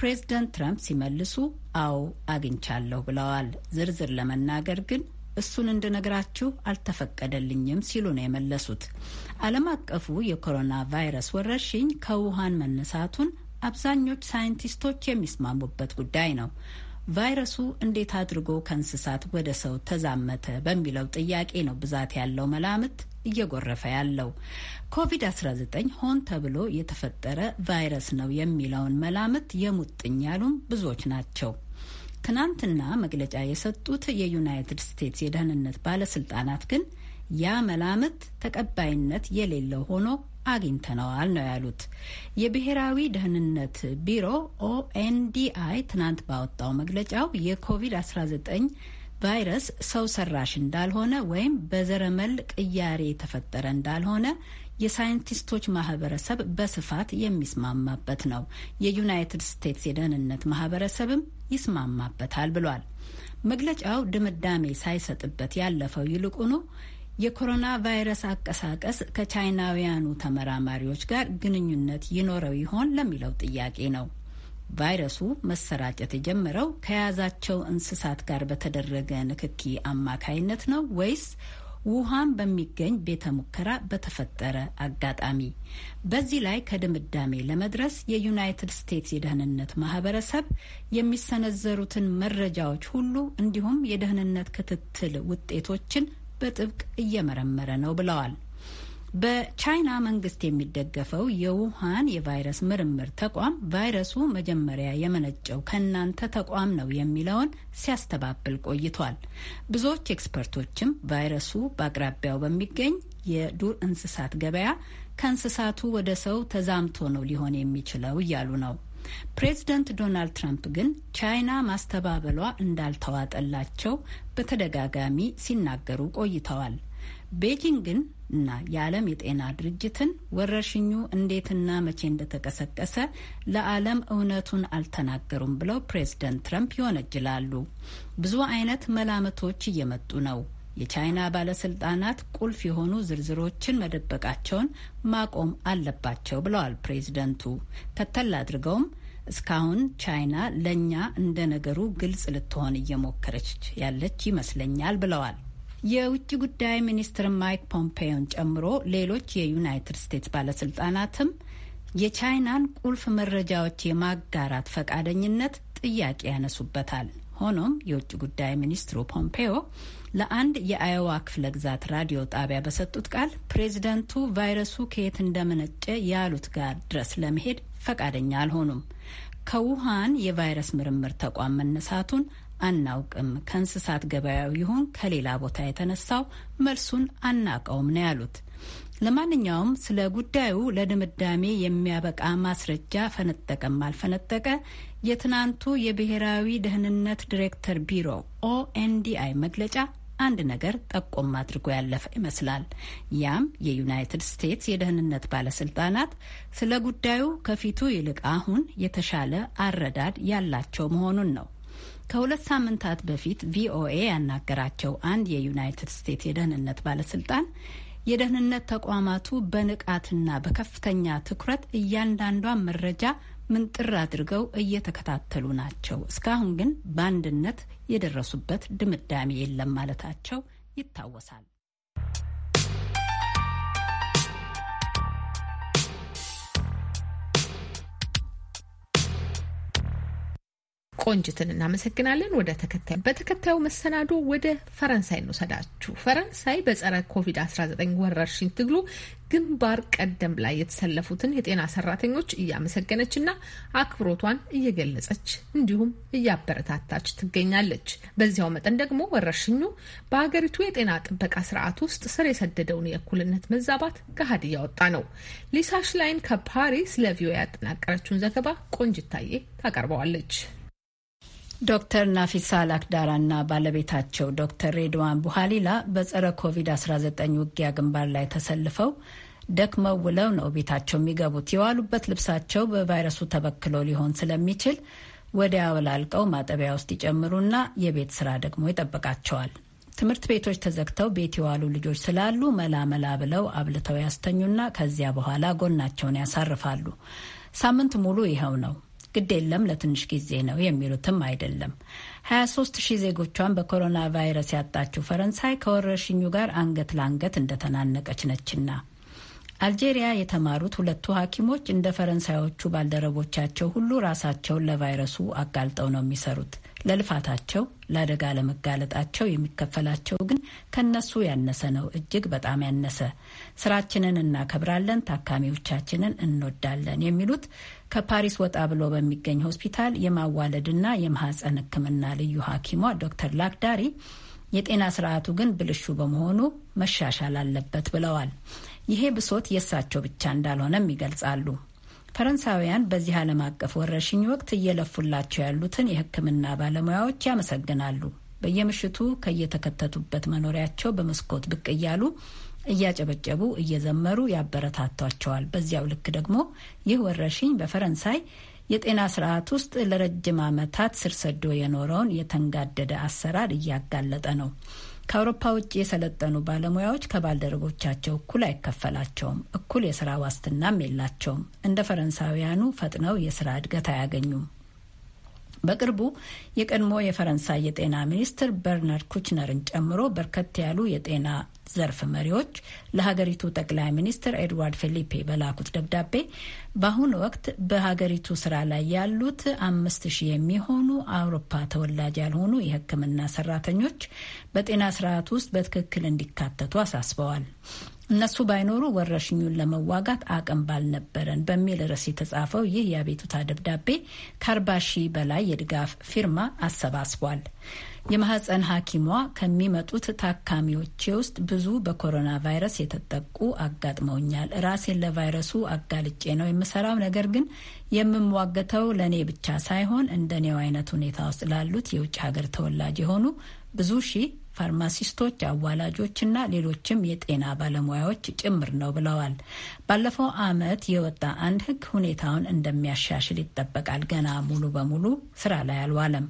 ፕሬዝደንት ትራምፕ ሲመልሱ አዎ አግኝቻለሁ ብለዋል። ዝርዝር ለመናገር ግን እሱን እንድነግራችሁ አልተፈቀደልኝም ሲሉ ነው የመለሱት። ዓለም አቀፉ የኮሮና ቫይረስ ወረርሽኝ ከውሃን መነሳቱን አብዛኞች ሳይንቲስቶች የሚስማሙበት ጉዳይ ነው። ቫይረሱ እንዴት አድርጎ ከእንስሳት ወደ ሰው ተዛመተ በሚለው ጥያቄ ነው ብዛት ያለው መላምት እየጎረፈ ያለው። ኮቪድ-19 ሆን ተብሎ የተፈጠረ ቫይረስ ነው የሚለውን መላምት የሙጥኝ ያሉም ብዙዎች ናቸው። ትናንትና መግለጫ የሰጡት የዩናይትድ ስቴትስ የደህንነት ባለስልጣናት ግን ያ መላምት ተቀባይነት የሌለው ሆኖ አግኝተነዋል ነው ያሉት። የብሔራዊ ደህንነት ቢሮ ኦኤንዲአይ ትናንት ባወጣው መግለጫው የኮቪድ-19 ቫይረስ ሰው ሰራሽ እንዳልሆነ ወይም በዘረመል ቅያሬ የተፈጠረ እንዳልሆነ የሳይንቲስቶች ማህበረሰብ በስፋት የሚስማማበት ነው። የዩናይትድ ስቴትስ የደህንነት ማህበረሰብም ይስማማበታል ብሏል። መግለጫው ድምዳሜ ሳይሰጥበት ያለፈው ይልቁኑ የኮሮና ቫይረስ አቀሳቀስ ከቻይናውያኑ ተመራማሪዎች ጋር ግንኙነት ይኖረው ይሆን ለሚለው ጥያቄ ነው። ቫይረሱ መሰራጨት የጀመረው ከያዛቸው እንስሳት ጋር በተደረገ ንክኪ አማካይነት ነው ወይስ ውሃን በሚገኝ ቤተ ሙከራ በተፈጠረ አጋጣሚ? በዚህ ላይ ከድምዳሜ ለመድረስ የዩናይትድ ስቴትስ የደህንነት ማህበረሰብ የሚሰነዘሩትን መረጃዎች ሁሉ እንዲሁም የደህንነት ክትትል ውጤቶችን በጥብቅ እየመረመረ ነው ብለዋል። በቻይና መንግስት የሚደገፈው የውሃን የቫይረስ ምርምር ተቋም ቫይረሱ መጀመሪያ የመነጨው ከእናንተ ተቋም ነው የሚለውን ሲያስተባብል ቆይቷል። ብዙዎች ኤክስፐርቶችም ቫይረሱ በአቅራቢያው በሚገኝ የዱር እንስሳት ገበያ ከእንስሳቱ ወደ ሰው ተዛምቶ ነው ሊሆን የሚችለው እያሉ ነው። ፕሬዚደንት ዶናልድ ትራምፕ ግን ቻይና ማስተባበሏ እንዳልተዋጠላቸው በተደጋጋሚ ሲናገሩ ቆይተዋል። ቤጂንግን እና የዓለም የጤና ድርጅትን ወረርሽኙ እንዴትና መቼ እንደተቀሰቀሰ ለዓለም እውነቱን አልተናገሩም ብለው ፕሬዝደንት ትረምፕ ይወነጅላሉ። ብዙ አይነት መላምቶች እየመጡ ነው። የቻይና ባለስልጣናት ቁልፍ የሆኑ ዝርዝሮችን መደበቃቸውን ማቆም አለባቸው ብለዋል ፕሬዝደንቱ። ከተል አድርገውም እስካሁን ቻይና ለእኛ እንደ ነገሩ ግልጽ ልትሆን እየሞከረች ያለች ይመስለኛል ብለዋል። የውጭ ጉዳይ ሚኒስትር ማይክ ፖምፔዮን ጨምሮ ሌሎች የዩናይትድ ስቴትስ ባለስልጣናትም የቻይናን ቁልፍ መረጃዎች የማጋራት ፈቃደኝነት ጥያቄ ያነሱበታል። ሆኖም የውጭ ጉዳይ ሚኒስትሩ ፖምፔዮ ለአንድ የአዮዋ ክፍለ ግዛት ራዲዮ ጣቢያ በሰጡት ቃል ፕሬዚደንቱ ቫይረሱ ከየት እንደመነጨ ያሉት ጋር ድረስ ለመሄድ ፈቃደኛ አልሆኑም። ከውሃን የቫይረስ ምርምር ተቋም መነሳቱን አናውቅም። ከእንስሳት ገበያው ይሁን ከሌላ ቦታ የተነሳው መልሱን አናቀውም ነው ያሉት። ለማንኛውም ስለ ጉዳዩ ለድምዳሜ የሚያበቃ ማስረጃ ፈነጠቀም አልፈነጠቀ የትናንቱ የብሔራዊ ደህንነት ዲሬክተር ቢሮ ኦኤንዲአይ መግለጫ አንድ ነገር ጠቆም አድርጎ ያለፈ ይመስላል። ያም የዩናይትድ ስቴትስ የደህንነት ባለስልጣናት ስለ ጉዳዩ ከፊቱ ይልቅ አሁን የተሻለ አረዳድ ያላቸው መሆኑን ነው። ከሁለት ሳምንታት በፊት ቪኦኤ ያናገራቸው አንድ የዩናይትድ ስቴትስ የደህንነት ባለስልጣን የደህንነት ተቋማቱ በንቃትና በከፍተኛ ትኩረት እያንዳንዷን መረጃ ምንጥር አድርገው እየተከታተሉ ናቸው፣ እስካሁን ግን በአንድነት የደረሱበት ድምዳሜ የለም ማለታቸው ይታወሳል። ቆንጅትን እናመሰግናለን። ወደ ተከታዩ በተከታዩ መሰናዶ ወደ ፈረንሳይ እንውሰዳችሁ። ፈረንሳይ በጸረ ኮቪድ-19 ወረርሽኝ ትግሉ ግንባር ቀደም ላይ የተሰለፉትን የጤና ሰራተኞች እያመሰገነችና አክብሮቷን እየገለጸች እንዲሁም እያበረታታች ትገኛለች። በዚያው መጠን ደግሞ ወረርሽኙ በሀገሪቱ የጤና ጥበቃ ስርዓት ውስጥ ስር የሰደደውን የእኩልነት መዛባት ገሀድ እያወጣ ነው። ሊሳሽ ላይን ከፓሪስ ለቪኦኤ ያጠናቀረችውን ዘገባ ቆንጅታዬ ታቀርበዋለች። ዶክተር ናፊሳ ላክዳራና ባለቤታቸው ዶክተር ሬድዋን ቡሃሊላ በጸረ ኮቪድ-19 ውጊያ ግንባር ላይ ተሰልፈው ደክመው ውለው ነው ቤታቸው የሚገቡት። የዋሉበት ልብሳቸው በቫይረሱ ተበክሎ ሊሆን ስለሚችል ወዲያ አወላልቀው ማጠቢያ ውስጥ ይጨምሩና የቤት ስራ ደግሞ ይጠብቃቸዋል። ትምህርት ቤቶች ተዘግተው ቤት የዋሉ ልጆች ስላሉ መላ መላ ብለው አብልተው ያስተኙና ከዚያ በኋላ ጎናቸውን ያሳርፋሉ። ሳምንት ሙሉ ይኸው ነው። የለም ለትንሽ ጊዜ ነው የሚሉትም አይደለም። 23 ሺህ ዜጎቿን በኮሮና ቫይረስ ያጣችው ፈረንሳይ ከወረርሽኙ ጋር አንገት ለአንገት እንደተናነቀች ነችና። አልጄሪያ የተማሩት ሁለቱ ሐኪሞች እንደ ፈረንሳዮቹ ባልደረቦቻቸው ሁሉ ራሳቸውን ለቫይረሱ አጋልጠው ነው የሚሰሩት። ለልፋታቸው ለአደጋ ለመጋለጣቸው የሚከፈላቸው ግን ከነሱ ያነሰ ነው፣ እጅግ በጣም ያነሰ። ስራችንን እናከብራለን፣ ታካሚዎቻችንን እንወዳለን የሚሉት ከፓሪስ ወጣ ብሎ በሚገኝ ሆስፒታል የማዋለድና የማህፀን ሕክምና ልዩ ሐኪሟ ዶክተር ላክዳሪ የጤና ስርዓቱ ግን ብልሹ በመሆኑ መሻሻል አለበት ብለዋል። ይሄ ብሶት የእሳቸው ብቻ እንዳልሆነም ይገልጻሉ። ፈረንሳውያን በዚህ ዓለም አቀፍ ወረርሽኝ ወቅት እየለፉላቸው ያሉትን የህክምና ባለሙያዎች ያመሰግናሉ። በየምሽቱ ከየተከተቱበት መኖሪያቸው በመስኮት ብቅ እያሉ እያጨበጨቡ እየዘመሩ ያበረታቷቸዋል። በዚያው ልክ ደግሞ ይህ ወረርሽኝ በፈረንሳይ የጤና ስርዓት ውስጥ ለረጅም ዓመታት ስር ሰዶ የኖረውን የተንጋደደ አሰራር እያጋለጠ ነው። ከአውሮፓ ውጭ የሰለጠኑ ባለሙያዎች ከባልደረቦቻቸው እኩል አይከፈላቸውም። እኩል የስራ ዋስትናም የላቸውም። እንደ ፈረንሳውያኑ ፈጥነው የስራ እድገት አያገኙም። በቅርቡ የቀድሞ የፈረንሳይ የጤና ሚኒስትር በርናርድ ኩችነርን ጨምሮ በርከት ያሉ የጤና ዘርፍ መሪዎች ለሀገሪቱ ጠቅላይ ሚኒስትር ኤድዋርድ ፊሊፔ በላኩት ደብዳቤ በአሁኑ ወቅት በሀገሪቱ ስራ ላይ ያሉት አምስት ሺህ የሚሆኑ አውሮፓ ተወላጅ ያልሆኑ የሕክምና ሰራተኞች በጤና ስርዓት ውስጥ በትክክል እንዲካተቱ አሳስበዋል። እነሱ ባይኖሩ ወረርሽኙን ለመዋጋት አቅም ባልነበረን በሚል ርዕስ የተጻፈው ይህ የአቤቱታ ደብዳቤ ከአርባ ሺህ በላይ የድጋፍ ፊርማ አሰባስቧል። የማህፀን ሐኪሟ ከሚመጡት ታካሚዎቼ ውስጥ ብዙ በኮሮና ቫይረስ የተጠቁ አጋጥመውኛል። ራሴን ለቫይረሱ አጋልጬ ነው የምሰራው። ነገር ግን የምሟገተው ለእኔ ብቻ ሳይሆን እንደኔው አይነት ሁኔታ ውስጥ ላሉት የውጭ ሀገር ተወላጅ የሆኑ ብዙ ሺህ ፋርማሲስቶች፣ አዋላጆችና ሌሎችም የጤና ባለሙያዎች ጭምር ነው ብለዋል። ባለፈው ዓመት የወጣ አንድ ሕግ ሁኔታውን እንደሚያሻሽል ይጠበቃል። ገና ሙሉ በሙሉ ስራ ላይ አልዋለም።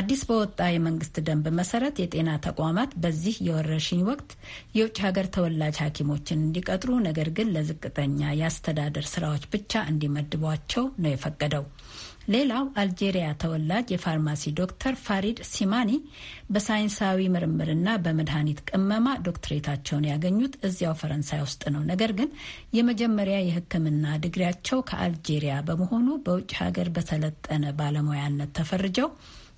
አዲስ በወጣ የመንግስት ደንብ መሰረት የጤና ተቋማት በዚህ የወረርሽኝ ወቅት የውጭ ሀገር ተወላጅ ሐኪሞችን እንዲቀጥሩ ነገር ግን ለዝቅተኛ የአስተዳደር ስራዎች ብቻ እንዲመድቧቸው ነው የፈቀደው። ሌላው አልጄሪያ ተወላጅ የፋርማሲ ዶክተር ፋሪድ ሲማኒ በሳይንሳዊ ምርምርና በመድኃኒት ቅመማ ዶክትሬታቸውን ያገኙት እዚያው ፈረንሳይ ውስጥ ነው። ነገር ግን የመጀመሪያ የሕክምና ድግሪያቸው ከአልጄሪያ በመሆኑ በውጭ ሀገር በሰለጠነ ባለሙያነት ተፈርጀው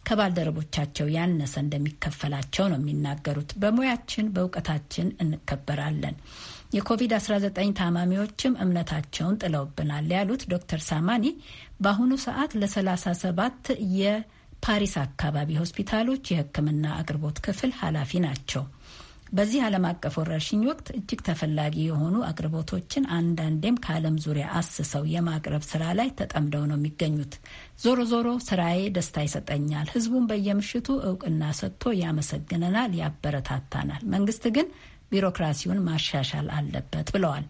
ከባልደረቦቻቸው ያነሰ እንደሚከፈላቸው ነው የሚናገሩት። በሙያችን በእውቀታችን እንከበራለን። የኮቪድ-19 ታማሚዎችም እምነታቸውን ጥለውብናል ያሉት ዶክተር ሳማኒ በአሁኑ ሰዓት ለ37 የፓሪስ አካባቢ ሆስፒታሎች የሕክምና አቅርቦት ክፍል ኃላፊ ናቸው። በዚህ ዓለም አቀፍ ወረርሽኝ ወቅት እጅግ ተፈላጊ የሆኑ አቅርቦቶችን አንዳንዴም ከዓለም ዙሪያ አስሰው የማቅረብ ስራ ላይ ተጠምደው ነው የሚገኙት። ዞሮ ዞሮ ስራዬ ደስታ ይሰጠኛል። ህዝቡን በየምሽቱ እውቅና ሰጥቶ ያመሰግነናል፣ ያበረታታናል። መንግስት ግን ቢሮክራሲውን ማሻሻል አለበት ብለዋል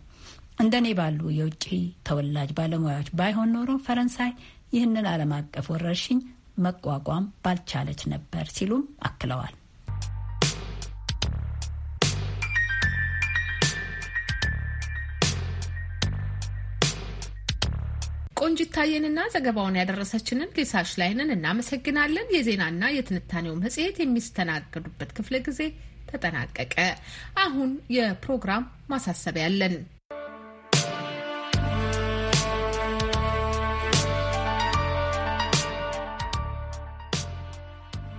እንደ እኔ ባሉ የውጭ ተወላጅ ባለሙያዎች ባይሆን ኖሮ ፈረንሳይ ይህንን ዓለም አቀፍ ወረርሽኝ መቋቋም ባልቻለች ነበር ሲሉም አክለዋል። ቆንጅታየንና ዘገባውን ያደረሰችንን ሊሳሽ ላይንን እናመሰግናለን። የዜናና የትንታኔው መጽሔት የሚስተናገዱበት ክፍለ ጊዜ ተጠናቀቀ። አሁን የፕሮግራም ማሳሰቢያ አለን።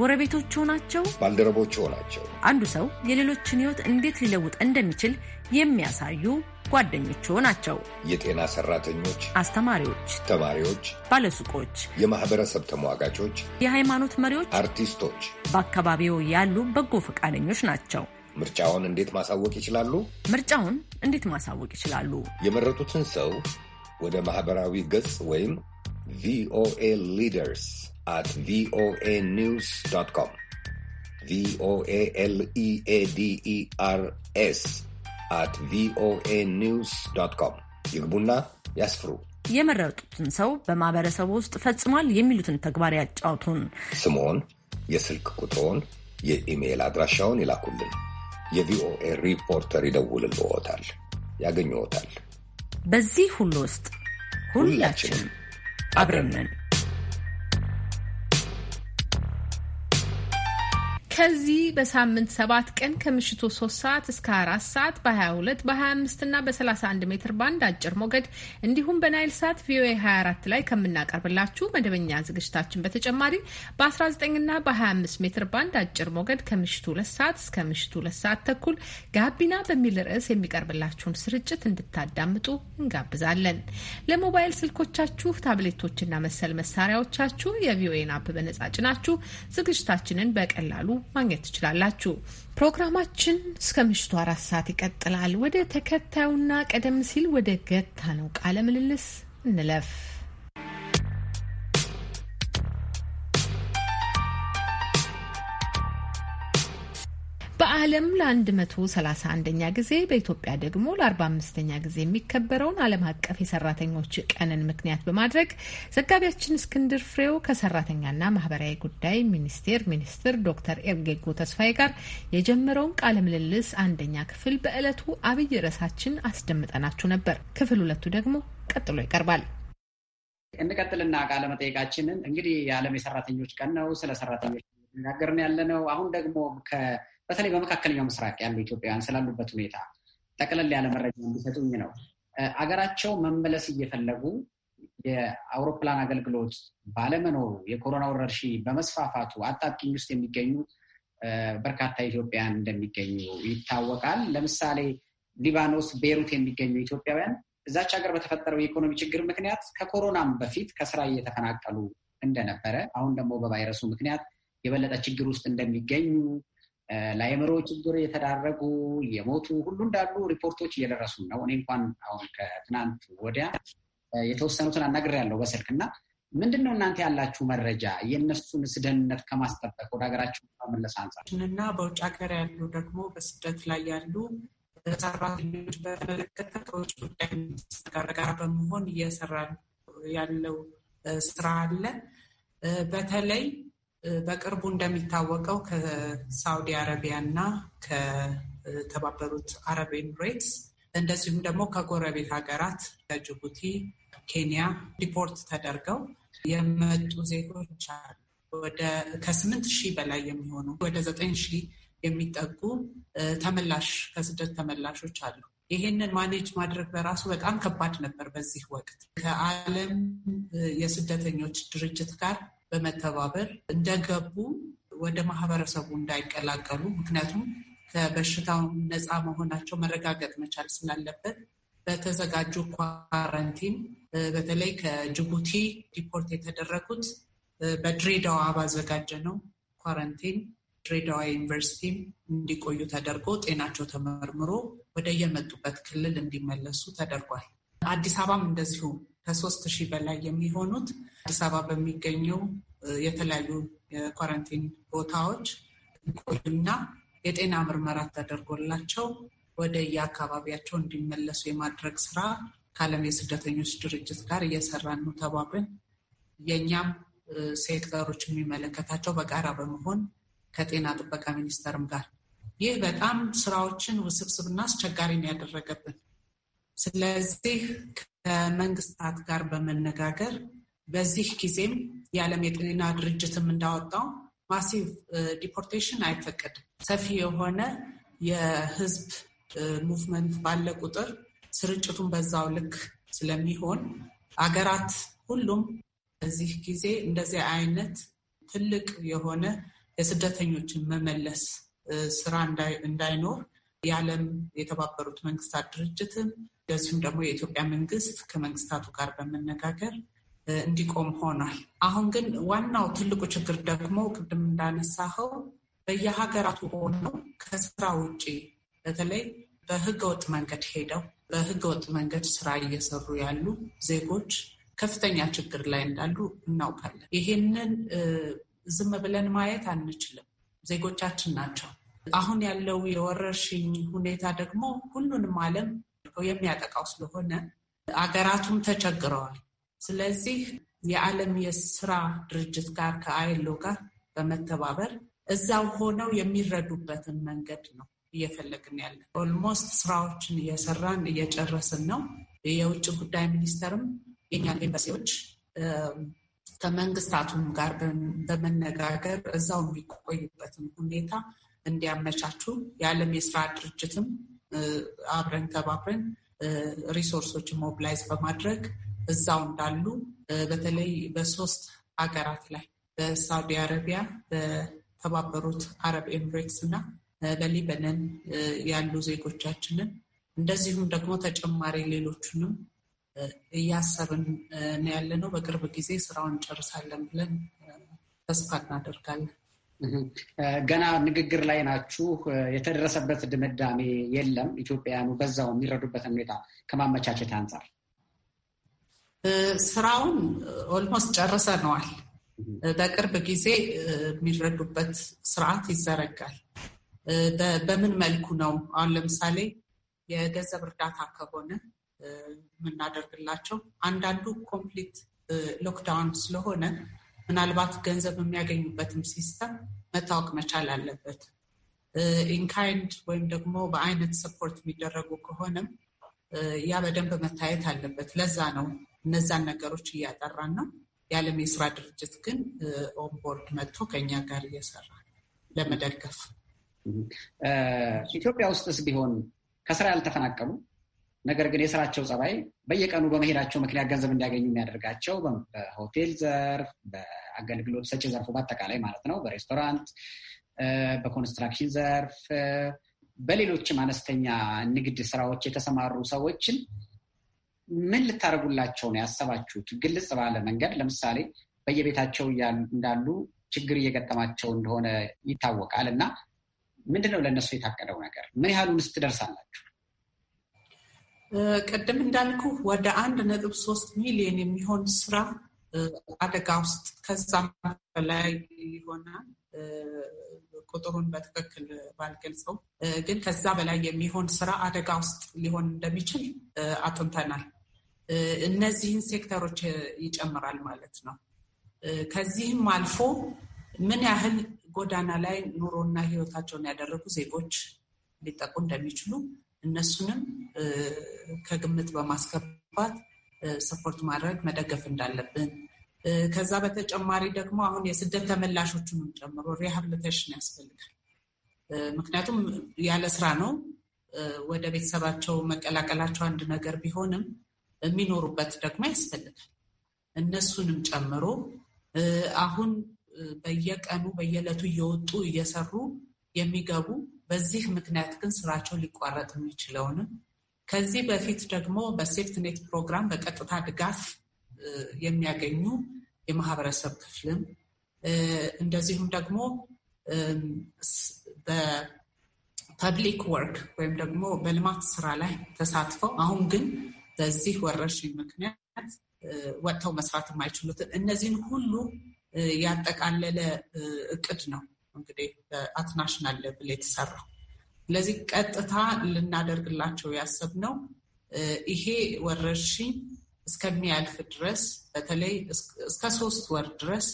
ጎረቤቶችዎ ናቸው፣ ባልደረቦችዎ ናቸው። አንዱ ሰው የሌሎችን ህይወት እንዴት ሊለውጥ እንደሚችል የሚያሳዩ ጓደኞችዎ ናቸው። የጤና ሰራተኞች፣ አስተማሪዎች፣ ተማሪዎች፣ ባለሱቆች፣ የማህበረሰብ ተሟጋቾች፣ የሃይማኖት መሪዎች፣ አርቲስቶች፣ በአካባቢው ያሉ በጎ ፈቃደኞች ናቸው። ምርጫውን እንዴት ማሳወቅ ይችላሉ? ምርጫውን እንዴት ማሳወቅ ይችላሉ? የመረጡትን ሰው ወደ ማህበራዊ ገጽ ወይም VOA Leaders at l e, e a d አት r ኒውስ ዶት ኮም ይግቡና ያስፍሩ። የመረጡትን ሰው በማህበረሰቡ ውስጥ ፈጽሟል የሚሉትን ተግባር ያጫውቱን። ስሞን የስልክ ቁጥሮን፣ የኢሜይል አድራሻውን ይላኩልን። የቪኦኤ ሪፖርተር ይደውልልዎታል፣ ያገኝዎታል። በዚህ ሁሉ ውስጥ ሁላችንም አብረን ከዚህ በሳምንት ሰባት ቀን ከምሽቱ ሶስት ሰዓት እስከ አራት ሰዓት በ22 በ25 እና በ31 ሜትር ባንድ አጭር ሞገድ እንዲሁም በናይል ሳት ቪኦኤ 24 ላይ ከምናቀርብላችሁ መደበኛ ዝግጅታችን በተጨማሪ በ19 እና በ25 ሜትር ባንድ አጭር ሞገድ ከምሽቱ ሁለት ሰዓት እስከ ምሽቱ ሁለት ሰዓት ተኩል ጋቢና በሚል ርዕስ የሚቀርብላችሁን ስርጭት እንድታዳምጡ እንጋብዛለን። ለሞባይል ስልኮቻችሁ ታብሌቶችና መሰል መሳሪያዎቻችሁ የቪኦኤን አፕ በነጻ ጭናችሁ ዝግጅታችንን በቀላሉ ማግኘት ትችላላችሁ። ፕሮግራማችን እስከ ምሽቱ አራት ሰዓት ይቀጥላል። ወደ ተከታዩና ቀደም ሲል ወደ ገታ ነው ቃለ ምልልስ እንለፍ። በዓለም ለ131ኛ ጊዜ በኢትዮጵያ ደግሞ ለ45ኛ ጊዜ የሚከበረውን ዓለም አቀፍ የሰራተኞች ቀንን ምክንያት በማድረግ ዘጋቢያችን እስክንድር ፍሬው ከሰራተኛና ማህበራዊ ጉዳይ ሚኒስቴር ሚኒስትር ዶክተር ኤርጌጎ ተስፋዬ ጋር የጀመረውን ቃለ ምልልስ አንደኛ ክፍል በዕለቱ አብይ ርዕሳችን አስደምጠናችሁ ነበር። ክፍል ሁለቱ ደግሞ ቀጥሎ ይቀርባል። እንቀጥልና ቃለ መጠየቃችንን እንግዲህ የዓለም የሰራተኞች ቀን ነው። ስለ ሰራተኞች ነጋገርን ያለ ነው። አሁን ደግሞ በተለይ በመካከለኛው ምስራቅ ያሉ ኢትዮጵያውያን ስላሉበት ሁኔታ ጠቅለል ያለ መረጃ እንዲሰጡኝ ነው። አገራቸው መመለስ እየፈለጉ የአውሮፕላን አገልግሎት ባለመኖሩ የኮሮና ወረርሽኝ በመስፋፋቱ አጣብቂኝ ውስጥ የሚገኙ በርካታ ኢትዮጵያውያን እንደሚገኙ ይታወቃል። ለምሳሌ ሊባኖስ ቤሩት የሚገኙ ኢትዮጵያውያን እዛች ሀገር በተፈጠረው የኢኮኖሚ ችግር ምክንያት ከኮሮናም በፊት ከስራ እየተፈናቀሉ እንደነበረ አሁን ደግሞ በቫይረሱ ምክንያት የበለጠ ችግር ውስጥ እንደሚገኙ ለአእምሮ ችግር የተዳረጉ የሞቱ ሁሉ እንዳሉ ሪፖርቶች እየደረሱ ነው። እኔ እንኳን አሁን ከትናንት ወዲያ የተወሰኑትን አናግሬያለሁ በስልክ እና ምንድን ነው እናንተ ያላችሁ መረጃ የእነሱን ደህንነት ከማስጠበቅ ወደ ሀገራችን መለስ አንጻር እና በውጭ ሀገር ያሉ ደግሞ በስደት ላይ ያሉ ሰራተኞች በተመለከተ ከውጭ ጉዳይ ሚኒስቴር ጋር በመሆን እየሰራ ያለው ስራ አለ። በተለይ በቅርቡ እንደሚታወቀው ከሳውዲ አረቢያ እና ከተባበሩት አረብ ኤምሬትስ እንደዚሁም ደግሞ ከጎረቤት ሀገራት ከጅቡቲ፣ ኬንያ ዲፖርት ተደርገው የመጡ ዜጎች አሉ። ወደ ከስምንት ሺህ በላይ የሚሆኑ ወደ ዘጠኝ ሺህ የሚጠጉ ተመላሽ ከስደት ተመላሾች አሉ። ይህንን ማኔጅ ማድረግ በራሱ በጣም ከባድ ነበር። በዚህ ወቅት ከዓለም የስደተኞች ድርጅት ጋር በመተባበር እንደገቡ ወደ ማህበረሰቡ እንዳይቀላቀሉ ምክንያቱም ከበሽታው ነፃ መሆናቸው መረጋገጥ መቻል ስላለበት በተዘጋጁ ኳረንቲን በተለይ ከጅቡቲ ዲፖርት የተደረጉት በድሬዳዋ ባዘጋጀ ነው ኳረንቲን ድሬዳዋ ዩኒቨርሲቲም እንዲቆዩ ተደርጎ ጤናቸው ተመርምሮ ወደ የመጡበት ክልል እንዲመለሱ ተደርጓል። አዲስ አበባም እንደዚሁ ከሶስት ሺህ በላይ የሚሆኑት አዲስ አበባ በሚገኙ የተለያዩ የኳረንቲን ቦታዎች ቆዩና የጤና ምርመራ ተደርጎላቸው ወደ የአካባቢያቸው እንዲመለሱ የማድረግ ስራ ከዓለም የስደተኞች ድርጅት ጋር እየሰራን ነው ተባብን። የእኛም ሴት ጋሮች የሚመለከታቸው በጋራ በመሆን ከጤና ጥበቃ ሚኒስቴርም ጋር ይህ በጣም ስራዎችን ውስብስብና አስቸጋሪን ያደረገብን ስለዚህ ከመንግስታት ጋር በመነጋገር በዚህ ጊዜም የዓለም የጤና ድርጅትም እንዳወጣው ማሲቭ ዲፖርቴሽን አይፈቀድም። ሰፊ የሆነ የህዝብ ሙቭመንት ባለ ቁጥር ስርጭቱን በዛው ልክ ስለሚሆን አገራት ሁሉም በዚህ ጊዜ እንደዚህ አይነት ትልቅ የሆነ የስደተኞችን መመለስ ስራ እንዳይኖር የዓለም የተባበሩት መንግስታት ድርጅትም እንደዚሁም ደግሞ የኢትዮጵያ መንግስት ከመንግስታቱ ጋር በመነጋገር እንዲቆም ሆኗል። አሁን ግን ዋናው ትልቁ ችግር ደግሞ ቅድም እንዳነሳኸው በየሀገራቱ ሆነው ከስራ ውጭ በተለይ በህገወጥ መንገድ ሄደው በህገወጥ መንገድ ስራ እየሰሩ ያሉ ዜጎች ከፍተኛ ችግር ላይ እንዳሉ እናውቃለን። ይሄንን ዝም ብለን ማየት አንችልም። ዜጎቻችን ናቸው። አሁን ያለው የወረርሽኝ ሁኔታ ደግሞ ሁሉንም ዓለም የሚያደርገው የሚያጠቃው ስለሆነ አገራቱም ተቸግረዋል። ስለዚህ የዓለም የስራ ድርጅት ጋር ከአይሎ ጋር በመተባበር እዛው ሆነው የሚረዱበትን መንገድ ነው እየፈለግን ያለ ኦልሞስት ስራዎችን እየሰራን እየጨረስን ነው። የውጭ ጉዳይ ሚኒስቴርም የኛን ኤምባሲዎች ከመንግስታቱም ጋር በመነጋገር እዛው የሚቆዩበትን ሁኔታ እንዲያመቻቹ የዓለም የስራ ድርጅትም አብረን ተባብረን ሪሶርሶችን ሞብላይዝ በማድረግ እዛው እንዳሉ በተለይ በሶስት ሀገራት ላይ በሳውዲ አረቢያ፣ በተባበሩት አረብ ኤምሬትስ እና በሊበነን ያሉ ዜጎቻችንን እንደዚሁም ደግሞ ተጨማሪ ሌሎቹንም እያሰብን ያለ ነው። በቅርብ ጊዜ ስራውን እንጨርሳለን ብለን ተስፋ እናደርጋለን። ገና ንግግር ላይ ናችሁ። የተደረሰበት ድምዳሜ የለም። ኢትዮጵያውያኑ በዛው የሚረዱበትን ሁኔታ ከማመቻቸት አንጻር ስራውን ኦልሞስት ጨርሰነዋል። በቅርብ ጊዜ የሚረዱበት ስርዓት ይዘረጋል። በምን መልኩ ነው? አሁን ለምሳሌ የገንዘብ እርዳታ ከሆነ የምናደርግላቸው አንዳንዱ ኮምፕሊት ሎክዳውን ስለሆነ ምናልባት ገንዘብ የሚያገኙበትም ሲስተም መታወቅ መቻል አለበት። ኢንካይንድ ወይም ደግሞ በአይነት ሰፖርት የሚደረጉ ከሆነም ያ በደንብ መታየት አለበት። ለዛ ነው እነዛን ነገሮች እያጠራን ነው። የዓለም የስራ ድርጅት ግን ኦንቦርድ መጥቶ ከኛ ጋር እየሰራ ለመደገፍ ኢትዮጵያ ውስጥስ ቢሆን ከስራ ያልተፈናቀሉ ነገር ግን የስራቸው ጸባይ በየቀኑ በመሄዳቸው ምክንያት ገንዘብ እንዲያገኙ የሚያደርጋቸው በሆቴል ዘርፍ፣ በአገልግሎት ሰጪ ዘርፉ በአጠቃላይ ማለት ነው፣ በሬስቶራንት፣ በኮንስትራክሽን ዘርፍ፣ በሌሎችም አነስተኛ ንግድ ስራዎች የተሰማሩ ሰዎችን ምን ልታደርጉላቸው ነው ያሰባችሁት? ግልጽ ባለ መንገድ ለምሳሌ በየቤታቸው እንዳሉ ችግር እየገጠማቸው እንደሆነ ይታወቃል እና ምንድን ነው ለእነሱ የታቀደው ነገር? ምን ያህሉንስ ትደርሳላችሁ? ቅድም እንዳልኩ ወደ አንድ ነጥብ ሶስት ሚሊዮን የሚሆን ስራ አደጋ ውስጥ ከዛም በላይ ይሆናል። ቁጥሩን በትክክል ባልገልጸው ግን ከዛ በላይ የሚሆን ስራ አደጋ ውስጥ ሊሆን እንደሚችል አጥንተናል። እነዚህን ሴክተሮች ይጨምራል ማለት ነው። ከዚህም አልፎ ምን ያህል ጎዳና ላይ ኑሮና ሕይወታቸውን ያደረጉ ዜጎች ሊጠቁ እንደሚችሉ እነሱንም ከግምት በማስገባት ሰፖርት ማድረግ መደገፍ እንዳለብን ከዛ በተጨማሪ ደግሞ አሁን የስደት ተመላሾቹንም ጨምሮ ሪሃብሊቴሽን ያስፈልጋል። ምክንያቱም ያለ ስራ ነው ወደ ቤተሰባቸው መቀላቀላቸው አንድ ነገር ቢሆንም የሚኖሩበት ደግሞ ያስፈልጋል። እነሱንም ጨምሮ አሁን በየቀኑ በየዕለቱ እየወጡ እየሰሩ የሚገቡ በዚህ ምክንያት ግን ስራቸው ሊቋረጥ የሚችለውንም ከዚህ በፊት ደግሞ በሴፍትኔት ፕሮግራም በቀጥታ ድጋፍ የሚያገኙ የማህበረሰብ ክፍልም እንደዚሁም ደግሞ በፐብሊክ ወርክ ወይም ደግሞ በልማት ስራ ላይ ተሳትፈው አሁን ግን በዚህ ወረርሽኝ ምክንያት ወጥተው መስራት የማይችሉትን እነዚህን ሁሉ ያጠቃለለ እቅድ ነው እንግዲህ በአትናሽናል ሌቭል የተሰራው። ስለዚህ ቀጥታ ልናደርግላቸው ያሰብነው ይሄ ወረርሽኝ እስከሚያልፍ ድረስ በተለይ እስከ ሶስት ወር ድረስ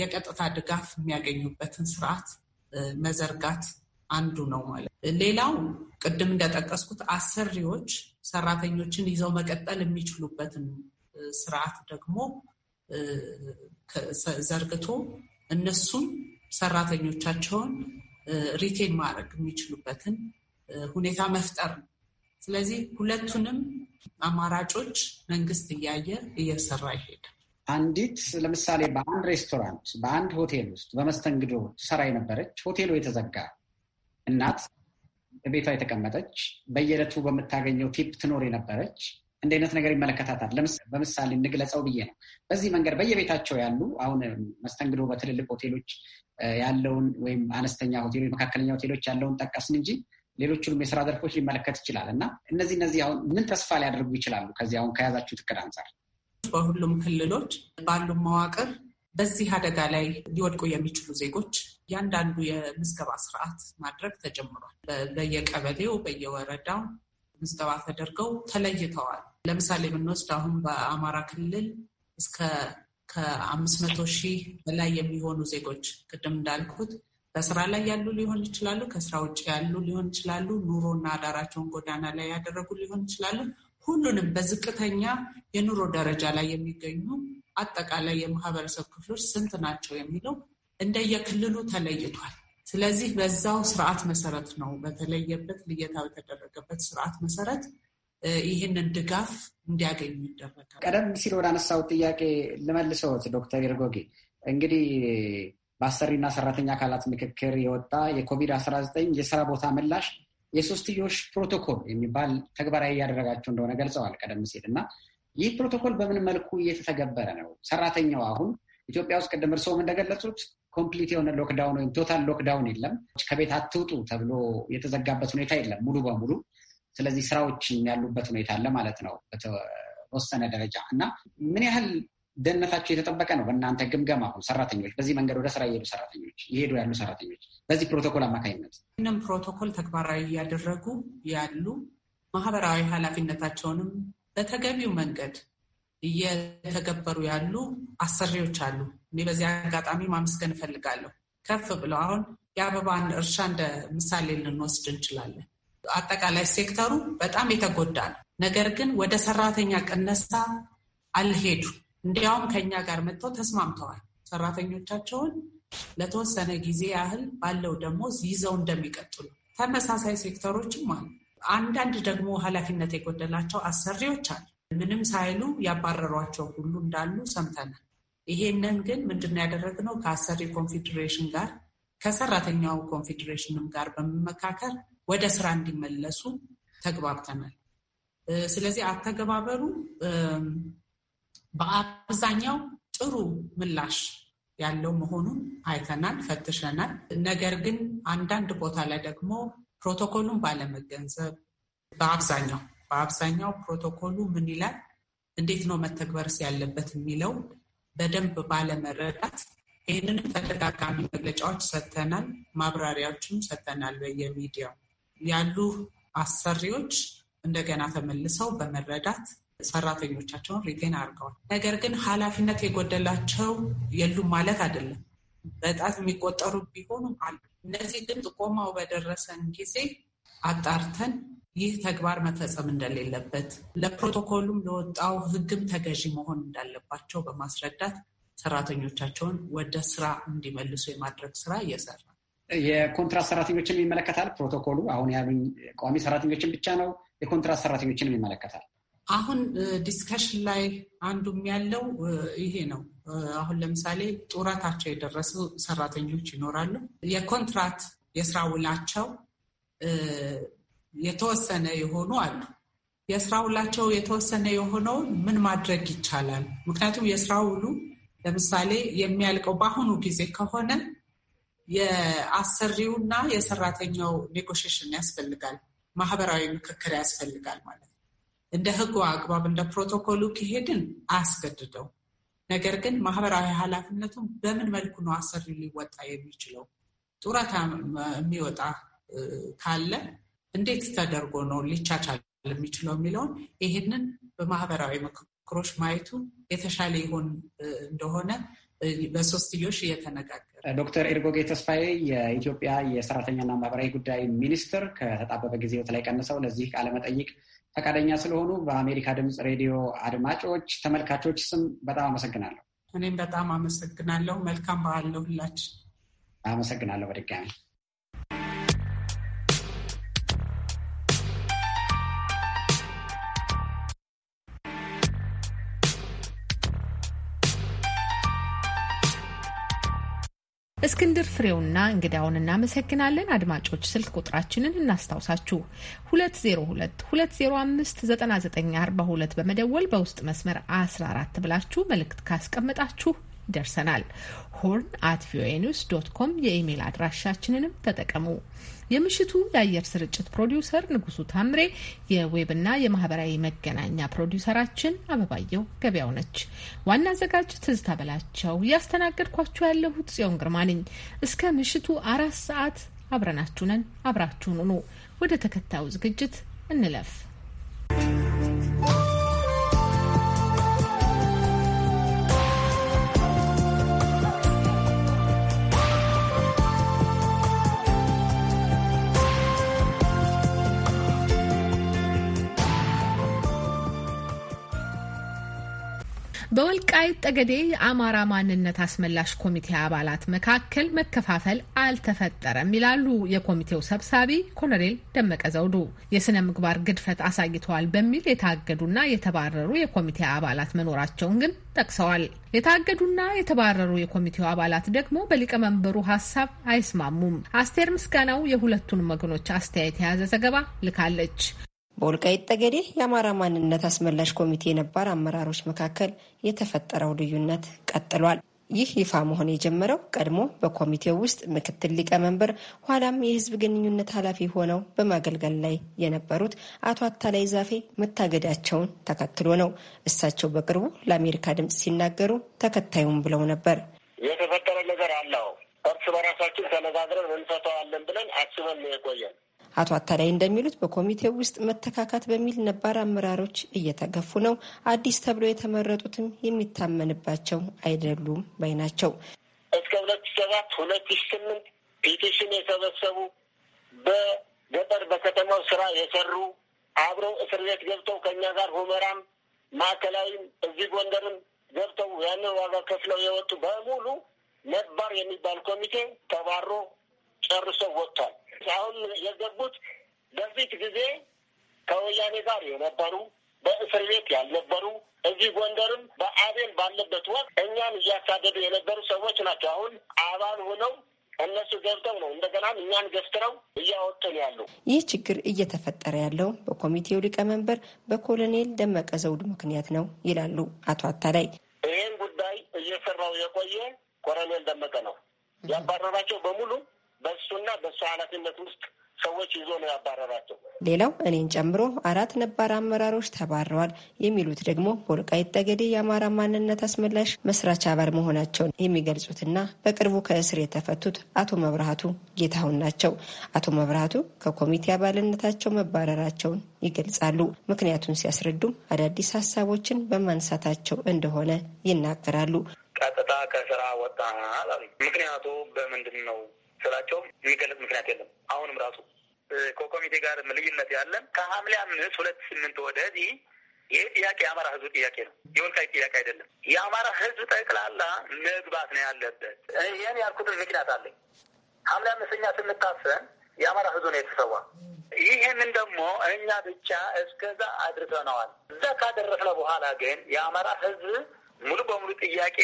የቀጥታ ድጋፍ የሚያገኙበትን ስርዓት መዘርጋት አንዱ ነው ማለት ነው። ሌላው ቅድም እንደጠቀስኩት አሰሪዎች ሰራተኞችን ይዘው መቀጠል የሚችሉበትን ስርዓት ደግሞ ዘርግቶ እነሱም ሰራተኞቻቸውን ሪቴን ማድረግ የሚችሉበትን ሁኔታ መፍጠር ነው። ስለዚህ ሁለቱንም አማራጮች መንግስት እያየ እየሰራ ይሄዳል። አንዲት ለምሳሌ በአንድ ሬስቶራንት፣ በአንድ ሆቴል ውስጥ በመስተንግዶ ትሰራ የነበረች ሆቴሉ የተዘጋ እናት ቤቷ የተቀመጠች በየዕለቱ በምታገኘው ቲፕ ትኖር የነበረች እንደ አይነት ነገር ይመለከታታል። በምሳሌ እንግለጸው ብዬ ነው። በዚህ መንገድ በየቤታቸው ያሉ አሁን መስተንግዶ በትልልቅ ሆቴሎች ያለውን ወይም አነስተኛ ሆቴሎች፣ መካከለኛ ሆቴሎች ያለውን ጠቀስን እንጂ ሌሎቹንም የስራ ዘርፎች ሊመለከት ይችላል እና እነዚህ እነዚህ አሁን ምን ተስፋ ሊያደርጉ ይችላሉ? ከዚህ አሁን ከያዛችሁ እቅድ አንጻር በሁሉም ክልሎች ባሉ መዋቅር በዚህ አደጋ ላይ ሊወድቁ የሚችሉ ዜጎች እያንዳንዱ የምዝገባ ስርዓት ማድረግ ተጀምሯል። በየቀበሌው በየወረዳው ምዝገባ ተደርገው ተለይተዋል። ለምሳሌ ብንወስድ አሁን በአማራ ክልል እስከ ከአምስት መቶ ሺህ በላይ የሚሆኑ ዜጎች ቅድም እንዳልኩት በስራ ላይ ያሉ ሊሆን ይችላሉ፣ ከስራ ውጭ ያሉ ሊሆን ይችላሉ፣ ኑሮና አዳራቸውን ጎዳና ላይ ያደረጉ ሊሆን ይችላሉ። ሁሉንም በዝቅተኛ የኑሮ ደረጃ ላይ የሚገኙ አጠቃላይ የማህበረሰብ ክፍሎች ስንት ናቸው የሚለው እንደየክልሉ ተለይቷል። ስለዚህ በዛው ስርዓት መሰረት ነው በተለየበት ልየታ በተደረገበት ስርዓት መሰረት ይህንን ድጋፍ እንዲያገኙ ይደረጋል። ቀደም ሲል ወደ አነሳው ጥያቄ ልመልሰውት ዶክተር ይርጎጌ እንግዲህ በአሰሪና ሰራተኛ አካላት ምክክር የወጣ የኮቪድ-19 የስራ ቦታ ምላሽ የሶስትዮሽ ፕሮቶኮል የሚባል ተግባራዊ እያደረጋቸው እንደሆነ ገልጸዋል ቀደም ሲል እና ይህ ፕሮቶኮል በምን መልኩ እየተተገበረ ነው? ሰራተኛው አሁን ኢትዮጵያ ውስጥ ቅድም እርስዎም እንደገለጹት ኮምፕሊት የሆነ ሎክዳውን ወይም ቶታል ሎክዳውን የለም። ከቤት አትውጡ ተብሎ የተዘጋበት ሁኔታ የለም ሙሉ በሙሉ ስለዚህ ስራዎች ያሉበት ሁኔታ አለ ማለት ነው በተወሰነ ደረጃ እና ምን ያህል ደህንነታቸው የተጠበቀ ነው? በእናንተ ግምገማ አሁን ሰራተኞች በዚህ መንገድ ወደ ስራ እየሄዱ ሰራተኞች እየሄዱ ያሉ ሰራተኞች በዚህ ፕሮቶኮል አማካኝነት ይህንም ፕሮቶኮል ተግባራዊ እያደረጉ ያሉ ማህበራዊ ኃላፊነታቸውንም በተገቢው መንገድ እየተገበሩ ያሉ አሰሪዎች አሉ። እኔ በዚህ አጋጣሚ ማመስገን እፈልጋለሁ። ከፍ ብለው አሁን የአበባን እርሻ እንደ ምሳሌ ልንወስድ እንችላለን። አጠቃላይ ሴክተሩ በጣም የተጎዳ ነው። ነገር ግን ወደ ሰራተኛ ቅነሳ አልሄዱ። እንዲያውም ከኛ ጋር መጥተው ተስማምተዋል። ሰራተኞቻቸውን ለተወሰነ ጊዜ ያህል ባለው ደሞዝ ይዘው እንደሚቀጥሉ ተመሳሳይ ሴክተሮችም አሉ። አንዳንድ ደግሞ ኃላፊነት የጎደላቸው አሰሪዎች አሉ። ምንም ሳይሉ ያባረሯቸው ሁሉ እንዳሉ ሰምተናል። ይሄንን ግን ምንድን ነው ያደረግነው? ከአሰሪ ኮንፌዴሬሽን ጋር ከሰራተኛው ኮንፌዴሬሽንም ጋር በመመካከር ወደ ስራ እንዲመለሱ ተግባብተናል። ስለዚህ አተገባበሩ በአብዛኛው ጥሩ ምላሽ ያለው መሆኑን አይተናል፣ ፈትሸናል። ነገር ግን አንዳንድ ቦታ ላይ ደግሞ ፕሮቶኮሉን ባለመገንዘብ በአብዛኛው በአብዛኛው ፕሮቶኮሉ ምን ይላል፣ እንዴት ነው መተግበርስ ያለበት የሚለው በደንብ ባለመረዳት ይህንንም ተደጋጋሚ መግለጫዎች ሰጥተናል፣ ማብራሪያዎችም ሰጥተናል በየሚዲያው ያሉ አሰሪዎች እንደገና ተመልሰው በመረዳት ሰራተኞቻቸውን ሪቴን አድርገዋል። ነገር ግን ኃላፊነት የጎደላቸው የሉም ማለት አይደለም። በጣት የሚቆጠሩ ቢሆኑም አሉ። እነዚህ ግን ጥቆማው በደረሰን ጊዜ አጣርተን ይህ ተግባር መፈጸም እንደሌለበት ለፕሮቶኮሉም ለወጣው ሕግም ተገዢ መሆን እንዳለባቸው በማስረዳት ሰራተኞቻቸውን ወደ ስራ እንዲመልሱ የማድረግ ስራ እየሰራ የኮንትራት ሰራተኞችን ይመለከታል ፕሮቶኮሉ። አሁን ያሉኝ ቋሚ ሰራተኞችን ብቻ ነው? የኮንትራት ሰራተኞችንም ይመለከታል? አሁን ዲስከሽን ላይ አንዱም ያለው ይሄ ነው። አሁን ለምሳሌ ጡረታቸው የደረሱ ሰራተኞች ይኖራሉ። የኮንትራት የስራ ውላቸው የተወሰነ የሆኑ አሉ። የስራ ውላቸው የተወሰነ የሆነውን ምን ማድረግ ይቻላል? ምክንያቱም የስራ ውሉ ለምሳሌ የሚያልቀው በአሁኑ ጊዜ ከሆነ የአሰሪውና የሰራተኛው ኔጎሽሽን ያስፈልጋል፣ ማህበራዊ ምክክር ያስፈልጋል ማለት ነው። እንደ ህጉ አግባብ እንደ ፕሮቶኮሉ ከሄድን አያስገድደው። ነገር ግን ማህበራዊ ኃላፊነቱን በምን መልኩ ነው አሰሪው ሊወጣ የሚችለው? ጡረታ የሚወጣ ካለ እንዴት ተደርጎ ነው ሊቻቻል የሚችለው የሚለውን ይህንን በማህበራዊ ምክክሮች ማየቱ የተሻለ ይሆን እንደሆነ በሶስትዮሽ እየተነጋገረ ዶክተር ኤርጎጌ ተስፋዬ የኢትዮጵያ የሰራተኛና ማህበራዊ ጉዳይ ሚኒስትር ከተጣበበ ጊዜ ላይ ቀንሰው ለዚህ ቃለመጠይቅ ፈቃደኛ ስለሆኑ በአሜሪካ ድምፅ ሬዲዮ አድማጮች፣ ተመልካቾች ስም በጣም አመሰግናለሁ። እኔም በጣም አመሰግናለሁ። መልካም በዓል ለሁላችን። አመሰግናለሁ በድጋሚ እስክንድር ፍሬውና እንግዳውን እናመሰግናለን። አድማጮች ስልክ ቁጥራችንን እናስታውሳችሁ 2022059942 በመደወል በውስጥ መስመር 14 ብላችሁ መልእክት ካስቀመጣችሁ ደርሰናል። ሆርን አት ቪኦኤ ኒውስ ዶት ኮም የኢሜይል አድራሻችንንም ተጠቀሙ። የምሽቱ የአየር ስርጭት ፕሮዲውሰር ንጉሱ ታምሬ፣ የዌብና የማህበራዊ መገናኛ ፕሮዲውሰራችን አበባየው ገበያው ነች። ዋና አዘጋጅ ትዝታ በላቸው፣ እያስተናገድኳችሁ ያለሁት ጽዮን ግርማ ነኝ። እስከ ምሽቱ አራት ሰዓት አብረናችሁ ነን። አብራችሁን ኑ። ወደ ተከታዩ ዝግጅት እንለፍ። በወልቃይት ጠገዴ የአማራ ማንነት አስመላሽ ኮሚቴ አባላት መካከል መከፋፈል አልተፈጠረም ይላሉ የኮሚቴው ሰብሳቢ ኮሎኔል ደመቀ ዘውዱ። የስነ ምግባር ግድፈት አሳይተዋል በሚል የታገዱና የተባረሩ የኮሚቴ አባላት መኖራቸውን ግን ጠቅሰዋል። የታገዱና የተባረሩ የኮሚቴው አባላት ደግሞ በሊቀመንበሩ ሀሳብ አይስማሙም። አስቴር ምስጋናው የሁለቱን ወገኖች አስተያየት የያዘ ዘገባ ልካለች። በወልቃይት ጠገዴ የአማራ ማንነት አስመላሽ ኮሚቴ ነባር አመራሮች መካከል የተፈጠረው ልዩነት ቀጥሏል። ይህ ይፋ መሆን የጀመረው ቀድሞ በኮሚቴው ውስጥ ምክትል ሊቀመንበር ኋላም የሕዝብ ግንኙነት ኃላፊ ሆነው በማገልገል ላይ የነበሩት አቶ አታላይ ዛፌ መታገዳቸውን ተከትሎ ነው። እሳቸው በቅርቡ ለአሜሪካ ድምፅ ሲናገሩ ተከታዩም ብለው ነበር። የተፈጠረ ነገር አለው እርስ በራሳችን ተነጋግረን እንፈተዋለን ብለን አስበን የቆየን አቶ አታላይ እንደሚሉት በኮሚቴው ውስጥ መተካካት በሚል ነባር አመራሮች እየተገፉ ነው። አዲስ ተብሎ የተመረጡትም የሚታመንባቸው አይደሉም ባይ ናቸው። እስከ ሁለት ሰባት ሁለት ስምንት ፔቲሽን የሰበሰቡ በገጠር በከተማው ስራ የሰሩ አብረው እስር ቤት ገብተው ከእኛ ጋር ሁመራም፣ ማዕከላዊም፣ እዚህ ጎንደርም ገብተው ያንን ዋጋ ከፍለው የወጡ በሙሉ ነባር የሚባል ኮሚቴ ተባሮ ጨርሰው ወጥቷል። አሁን የገቡት በፊት ጊዜ ከወያኔ ጋር የነበሩ በእስር ቤት ያልነበሩ እዚህ ጎንደርም በአቤል ባለበት ወቅት እኛን እያሳደዱ የነበሩ ሰዎች ናቸው። አሁን አባል ሆነው እነሱ ገብተው ነው እንደገና እኛን ገፍትረው እያወጡን ያሉ። ይህ ችግር እየተፈጠረ ያለው በኮሚቴው ሊቀመንበር በኮሎኔል ደመቀ ዘውዱ ምክንያት ነው ይላሉ አቶ አታላይ። ይህን ጉዳይ እየሰራው የቆየ ኮሎኔል ደመቀ ነው። ያባረራቸው በሙሉ በእሱና በእሱ ኃላፊነት ውስጥ ሰዎች ይዞ ነው ያባረራቸው። ሌላው እኔን ጨምሮ አራት ነባር አመራሮች ተባረዋል የሚሉት ደግሞ በወልቃይት ጠገዴ የአማራ ማንነት አስመላሽ መስራች አባል መሆናቸውን የሚገልጹትና በቅርቡ ከእስር የተፈቱት አቶ መብርሃቱ ጌታሁን ናቸው። አቶ መብርሃቱ ከኮሚቴ አባልነታቸው መባረራቸውን ይገልጻሉ። ምክንያቱን ሲያስረዱም አዳዲስ ሀሳቦችን በማንሳታቸው እንደሆነ ይናገራሉ። ቀጥታ ከስራ ወጣ። ምክንያቱ በምንድን ነው ስላቸውም የሚገለጽ ምክንያት የለም። አሁንም ራሱ ከኮሚቴ ጋር ልዩነት ያለን ከሐምሌ አምስት ሁለት ስምንት ወደዚህ ይህ ጥያቄ የአማራ ህዝብ ጥያቄ ነው። የወልቃይት ጥያቄ አይደለም። የአማራ ህዝብ ጠቅላላ መግባት ነው ያለበት። ይህን ያልኩትን ምክንያት አለኝ። ሐምሌ አምስተኛ ስንታሰን የአማራ ህዝብ ነው የተሰዋ። ይህንን ደግሞ እኛ ብቻ እስከዛ አድርሰነዋል። እዛ ካደረስነ በኋላ ግን የአማራ ህዝብ ሙሉ በሙሉ ጥያቄ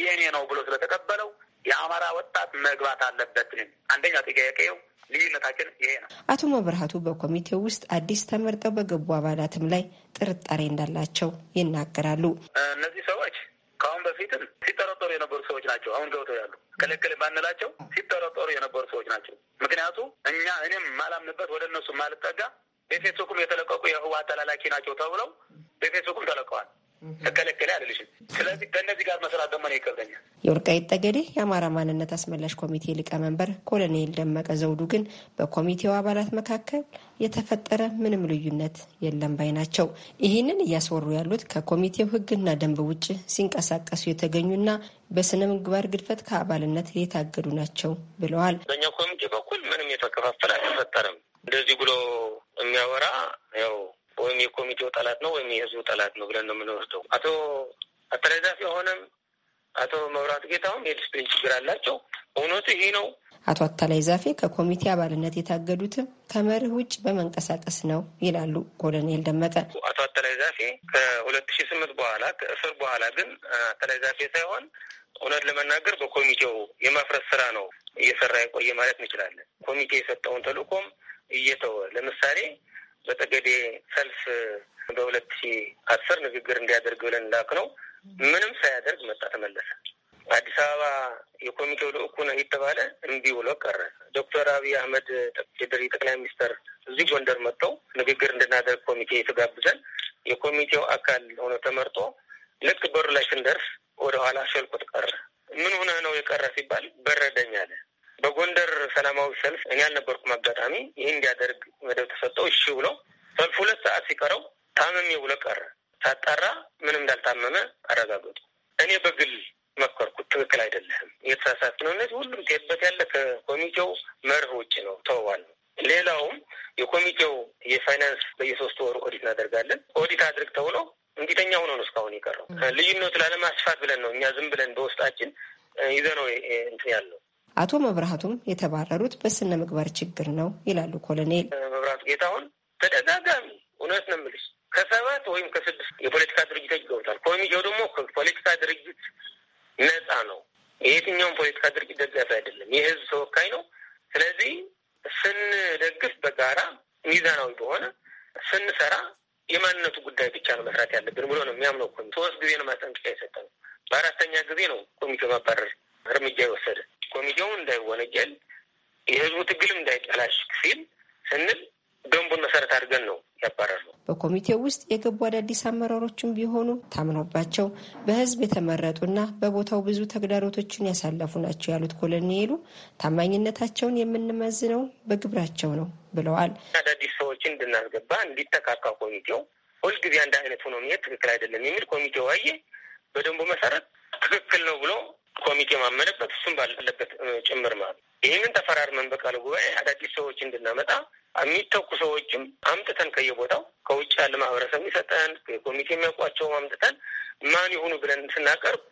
የኔ ነው ብሎ ስለተቀበለው የአማራ ወጣት መግባት አለበት። አንደኛው ጥያቄው ልዩነታችን ይሄ ነው። አቶ መብርሃቱ በኮሚቴው ውስጥ አዲስ ተመርጠው በገቡ አባላትም ላይ ጥርጣሬ እንዳላቸው ይናገራሉ። እነዚህ ሰዎች ከአሁን በፊትም ሲጠረጠሩ የነበሩ ሰዎች ናቸው። አሁን ገብተው ያሉ ክልክል ባንላቸው ሲጠረጠሩ የነበሩ ሰዎች ናቸው። ምክንያቱ እኛ እኔም ማላምንበት ወደ እነሱ ማልጠጋ በፌስቡክም የተለቀቁ የህዋ ተላላኪ ናቸው ተብለው በፌስቡክም ተለቀዋል። ተከለከለ አልልሽም። ስለዚህ የወልቃይት ጠገዴ የአማራ ማንነት አስመላሽ ኮሚቴ ሊቀመንበር ኮሎኔል ደመቀ ዘውዱ ግን በኮሚቴው አባላት መካከል የተፈጠረ ምንም ልዩነት የለም ባይ ናቸው። ይህንን እያስወሩ ያሉት ከኮሚቴው ሕግና ደንብ ውጭ ሲንቀሳቀሱ የተገኙና በስነ ምግባር ግድፈት ከአባልነት የታገዱ ናቸው ብለዋል። በእኛ ኮሚቴ በኩል ምንም የተከፋፈለ አልተፈጠረም። እንደዚህ ብሎ የሚያወራ ያው ወይም የኮሚቴው ጠላት ነው ወይም የህዝቡ ጠላት ነው ብለን ነው የምንወስደው። አቶ አተረዳፊ የሆነም አቶ መብራት ጌታሁን የዲስፕሊን ችግር አላቸው። እውነቱ ይሄ ነው። አቶ አታላይ ዛፌ ከኮሚቴ አባልነት የታገዱትም ከመርህ ውጭ በመንቀሳቀስ ነው ይላሉ ኮሎኔል ደመቀ። አቶ አታላይ ዛፌ ከሁለት ሺ ስምንት በኋላ ከእስር በኋላ ግን አታላይ ዛፌ ሳይሆን እውነት ለመናገር በኮሚቴው የማፍረስ ስራ ነው እየሰራ የቆየ ማለት እንችላለን። ኮሚቴ የሰጠውን ተልእኮም እየተወ ለምሳሌ በጠገዴ ሰልፍ በሁለት ሺ አስር ንግግር እንዲያደርግ ብለን ላክ ነው ምንም ሳያደርግ መጣ ተመለሰ። አዲስ አበባ የኮሚቴው ልኡኩ ነው የተባለ እምቢ ብሎ ቀረ። ዶክተር አብይ አህመድ የድሪ ጠቅላይ ሚኒስተር እዚህ ጎንደር መጥተው ንግግር እንድናደርግ ኮሚቴ የተጋብዘን የኮሚቴው አካል ሆኖ ተመርጦ ልክ በሩ ላይ ስንደርስ ወደኋላ ሸልቆት ቀረ። ምን ሆነ ነው የቀረ ሲባል በረደኝ አለ። በጎንደር ሰላማዊ ሰልፍ እኔ አልነበርኩም። አጋጣሚ ይህ እንዲያደርግ መደብ ተሰጠው። እሺ ብሎ ሰልፍ ሁለት ሰዓት ሲቀረው ታመሜ ብሎ ቀረ። ሳጣራ ምንም እንዳልታመመ አረጋገጡ። እኔ በግል መከርኩት። ትክክል አይደለህም፣ የተሳሳት ነው። እነዚህ ሁሉም ቴበት ያለ ከኮሚቴው መርህ ውጭ ነው። ተዋል ነው። ሌላውም የኮሚቴው የፋይናንስ በየሶስት ወሩ ኦዲት እናደርጋለን። ኦዲት አድርግ ተብሎ እንዲተኛ ሆኖ ነው እስካሁን የቀረው። ልዩነቱ ላለማስፋት ብለን ነው እኛ ዝም ብለን በውስጣችን ይዘ ነው እንትን ያለው። አቶ መብራቱም የተባረሩት በስነ ምግባር ችግር ነው ይላሉ ኮሎኔል መብራቱ ጌታሁን። ተደጋጋሚ እውነት ነው የምልሽ ከሰባት ወይም ከስድስት የፖለቲካ ድርጅቶች ገብቷል። ኮሚቴው ደግሞ ፖለቲካ ድርጅት ነጻ ነው። የየትኛውም ፖለቲካ ድርጅት ደጋፊ አይደለም፣ የህዝብ ተወካይ ነው። ስለዚህ ስንደግፍ በጋራ ሚዛናዊ በሆነ ስንሰራ የማንነቱ ጉዳይ ብቻ ነው መስራት ያለብን ብሎ ነው የሚያምነው ኮሚ ሶስት ጊዜ ነው ማስጠንቀቂያ የሰጠ ነው። በአራተኛ ጊዜ ነው ኮሚቴው ማባረር እርምጃ የወሰደ። ኮሚቴው እንዳይወነጀል የህዝቡ ትግልም እንዳይጠላሽ ሲል ስንል ደንቡን መሰረት አድርገን ነው ያባረር ነው። በኮሚቴው ውስጥ የገቡ አዳዲስ አመራሮችም ቢሆኑ ታምኖባቸው በህዝብ የተመረጡና በቦታው ብዙ ተግዳሮቶችን ያሳለፉ ናቸው ያሉት ኮሎኔሉ ታማኝነታቸውን የምንመዝነው በግብራቸው ነው ብለዋል። አዳዲስ ሰዎችን እንድናስገባ እንዲተካካ ኮሚቴው ሁልጊዜ አንድ አይነት ሆኖ መሄድ ትክክል አይደለም የሚል ኮሚቴው አየ በደንቡ መሰረት ትክክል ነው ብሎ ኮሚቴ ማመነበት እሱም ባለበት ጭምር ማለት ይህንን ተፈራርመን በቃለ ጉባኤ አዳዲስ ሰዎች እንድናመጣ የሚተኩ ሰዎችም አምጥተን ከየቦታው ከውጭ ያለ ማህበረሰብ ይሰጠን ኮሚቴ የሚያውቋቸውም አምጥተን ማን ይሁኑ ብለን ስናቀርብ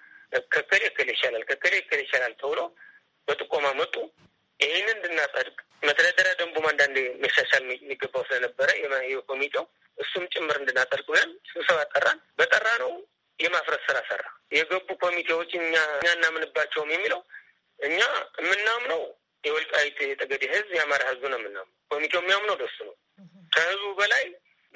ከከሌ ከሌ ይሻላል ከከሌ ከሌ ይሻላል ተብሎ በጥቆማ መጡ። ይህንን እንድናጸድቅ መተዳደሪያ ደንቡም አንዳንድ መሻሻል የሚገባው ስለነበረ የኮሚቴው እሱም ጭምር እንድናጸድቅ ብለን ስብሰባ ጠራን። በጠራ ነው የማፍረስ ስራ ሰራ። የገቡ ኮሚቴዎች እኛ እኛ እናምንባቸውም የሚለው እኛ የምናምነው የወልቃይት የጠገዴ ህዝብ የአማራ ህዝብ ነው የምናምነው። ኮሚቴው የሚያምነው ደሱ ነው። ከህዝቡ በላይ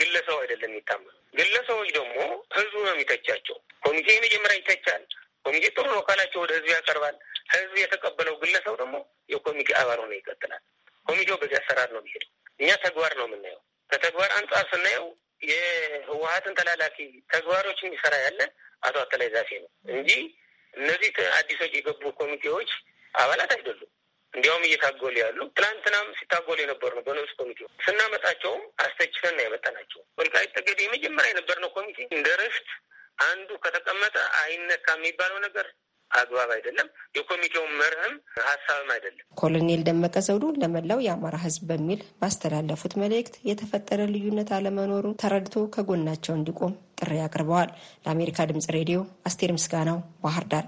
ግለሰቡ አይደለም የሚታመነው። ግለሰቦች ደግሞ ህዝቡ ነው የሚተቻቸው። ኮሚቴ የመጀመሪያ ይተቻል። ኮሚቴ ጥሩ ነው ካላቸው ወደ ህዝብ ያቀርባል። ህዝብ የተቀበለው ግለሰብ ደግሞ የኮሚቴ አባል ሆነ ይቀጥላል። ኮሚቴው በዚህ አሰራር ነው የሚሄደው። እኛ ተግባር ነው የምናየው። ከተግባር አንጻር ስናየው የህወሀትን ተላላፊ ተግባሮች የሚሰራ ያለ አቶ አተላይ ዛፌ ነው እንጂ እነዚህ አዲሶች የገቡ ኮሚቴዎች አባላት አይደሉም። እንዲያውም እየታጎሉ ያሉ ትላንትናም ሲታጎሉ የነበሩ ነው። በነብስ ኮሚቴ ስናመጣቸውም አስተችተን ነው ያመጣናቸው። ወልቃይት ጠገዴ የመጀመሪያ የነበርነው ኮሚቴ እንደ ርስት አንዱ ከተቀመጠ አይነካ የሚባለው ነገር አግባብ አይደለም፣ የኮሚቴውን መርህም ሀሳብም አይደለም። ኮሎኔል ደመቀ ዘውዱ ለመላው የአማራ ህዝብ በሚል ባስተላለፉት መልእክት የተፈጠረ ልዩነት አለመኖሩን ተረድቶ ከጎናቸው እንዲቆም ጥሪ አቅርበዋል። ለአሜሪካ ድምጽ ሬዲዮ አስቴር ምስጋናው ባህር ዳር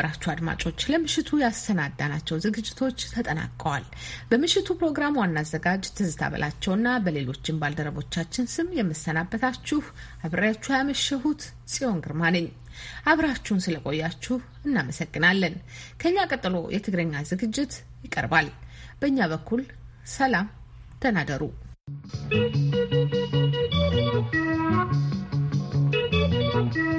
የተከበራችሁ አድማጮች ለምሽቱ ያሰናዳናቸው ዝግጅቶች ተጠናቀዋል። በምሽቱ ፕሮግራም ዋና አዘጋጅ ትዝታ በላቸውና በሌሎችም ባልደረቦቻችን ስም የምሰናበታችሁ አብሬያችሁ ያመሸሁት ጽዮን ግርማ ነኝ። አብራችሁን ስለቆያችሁ እናመሰግናለን። ከኛ ቀጥሎ የትግረኛ ዝግጅት ይቀርባል። በእኛ በኩል ሰላም ተናደሩ። Thank you.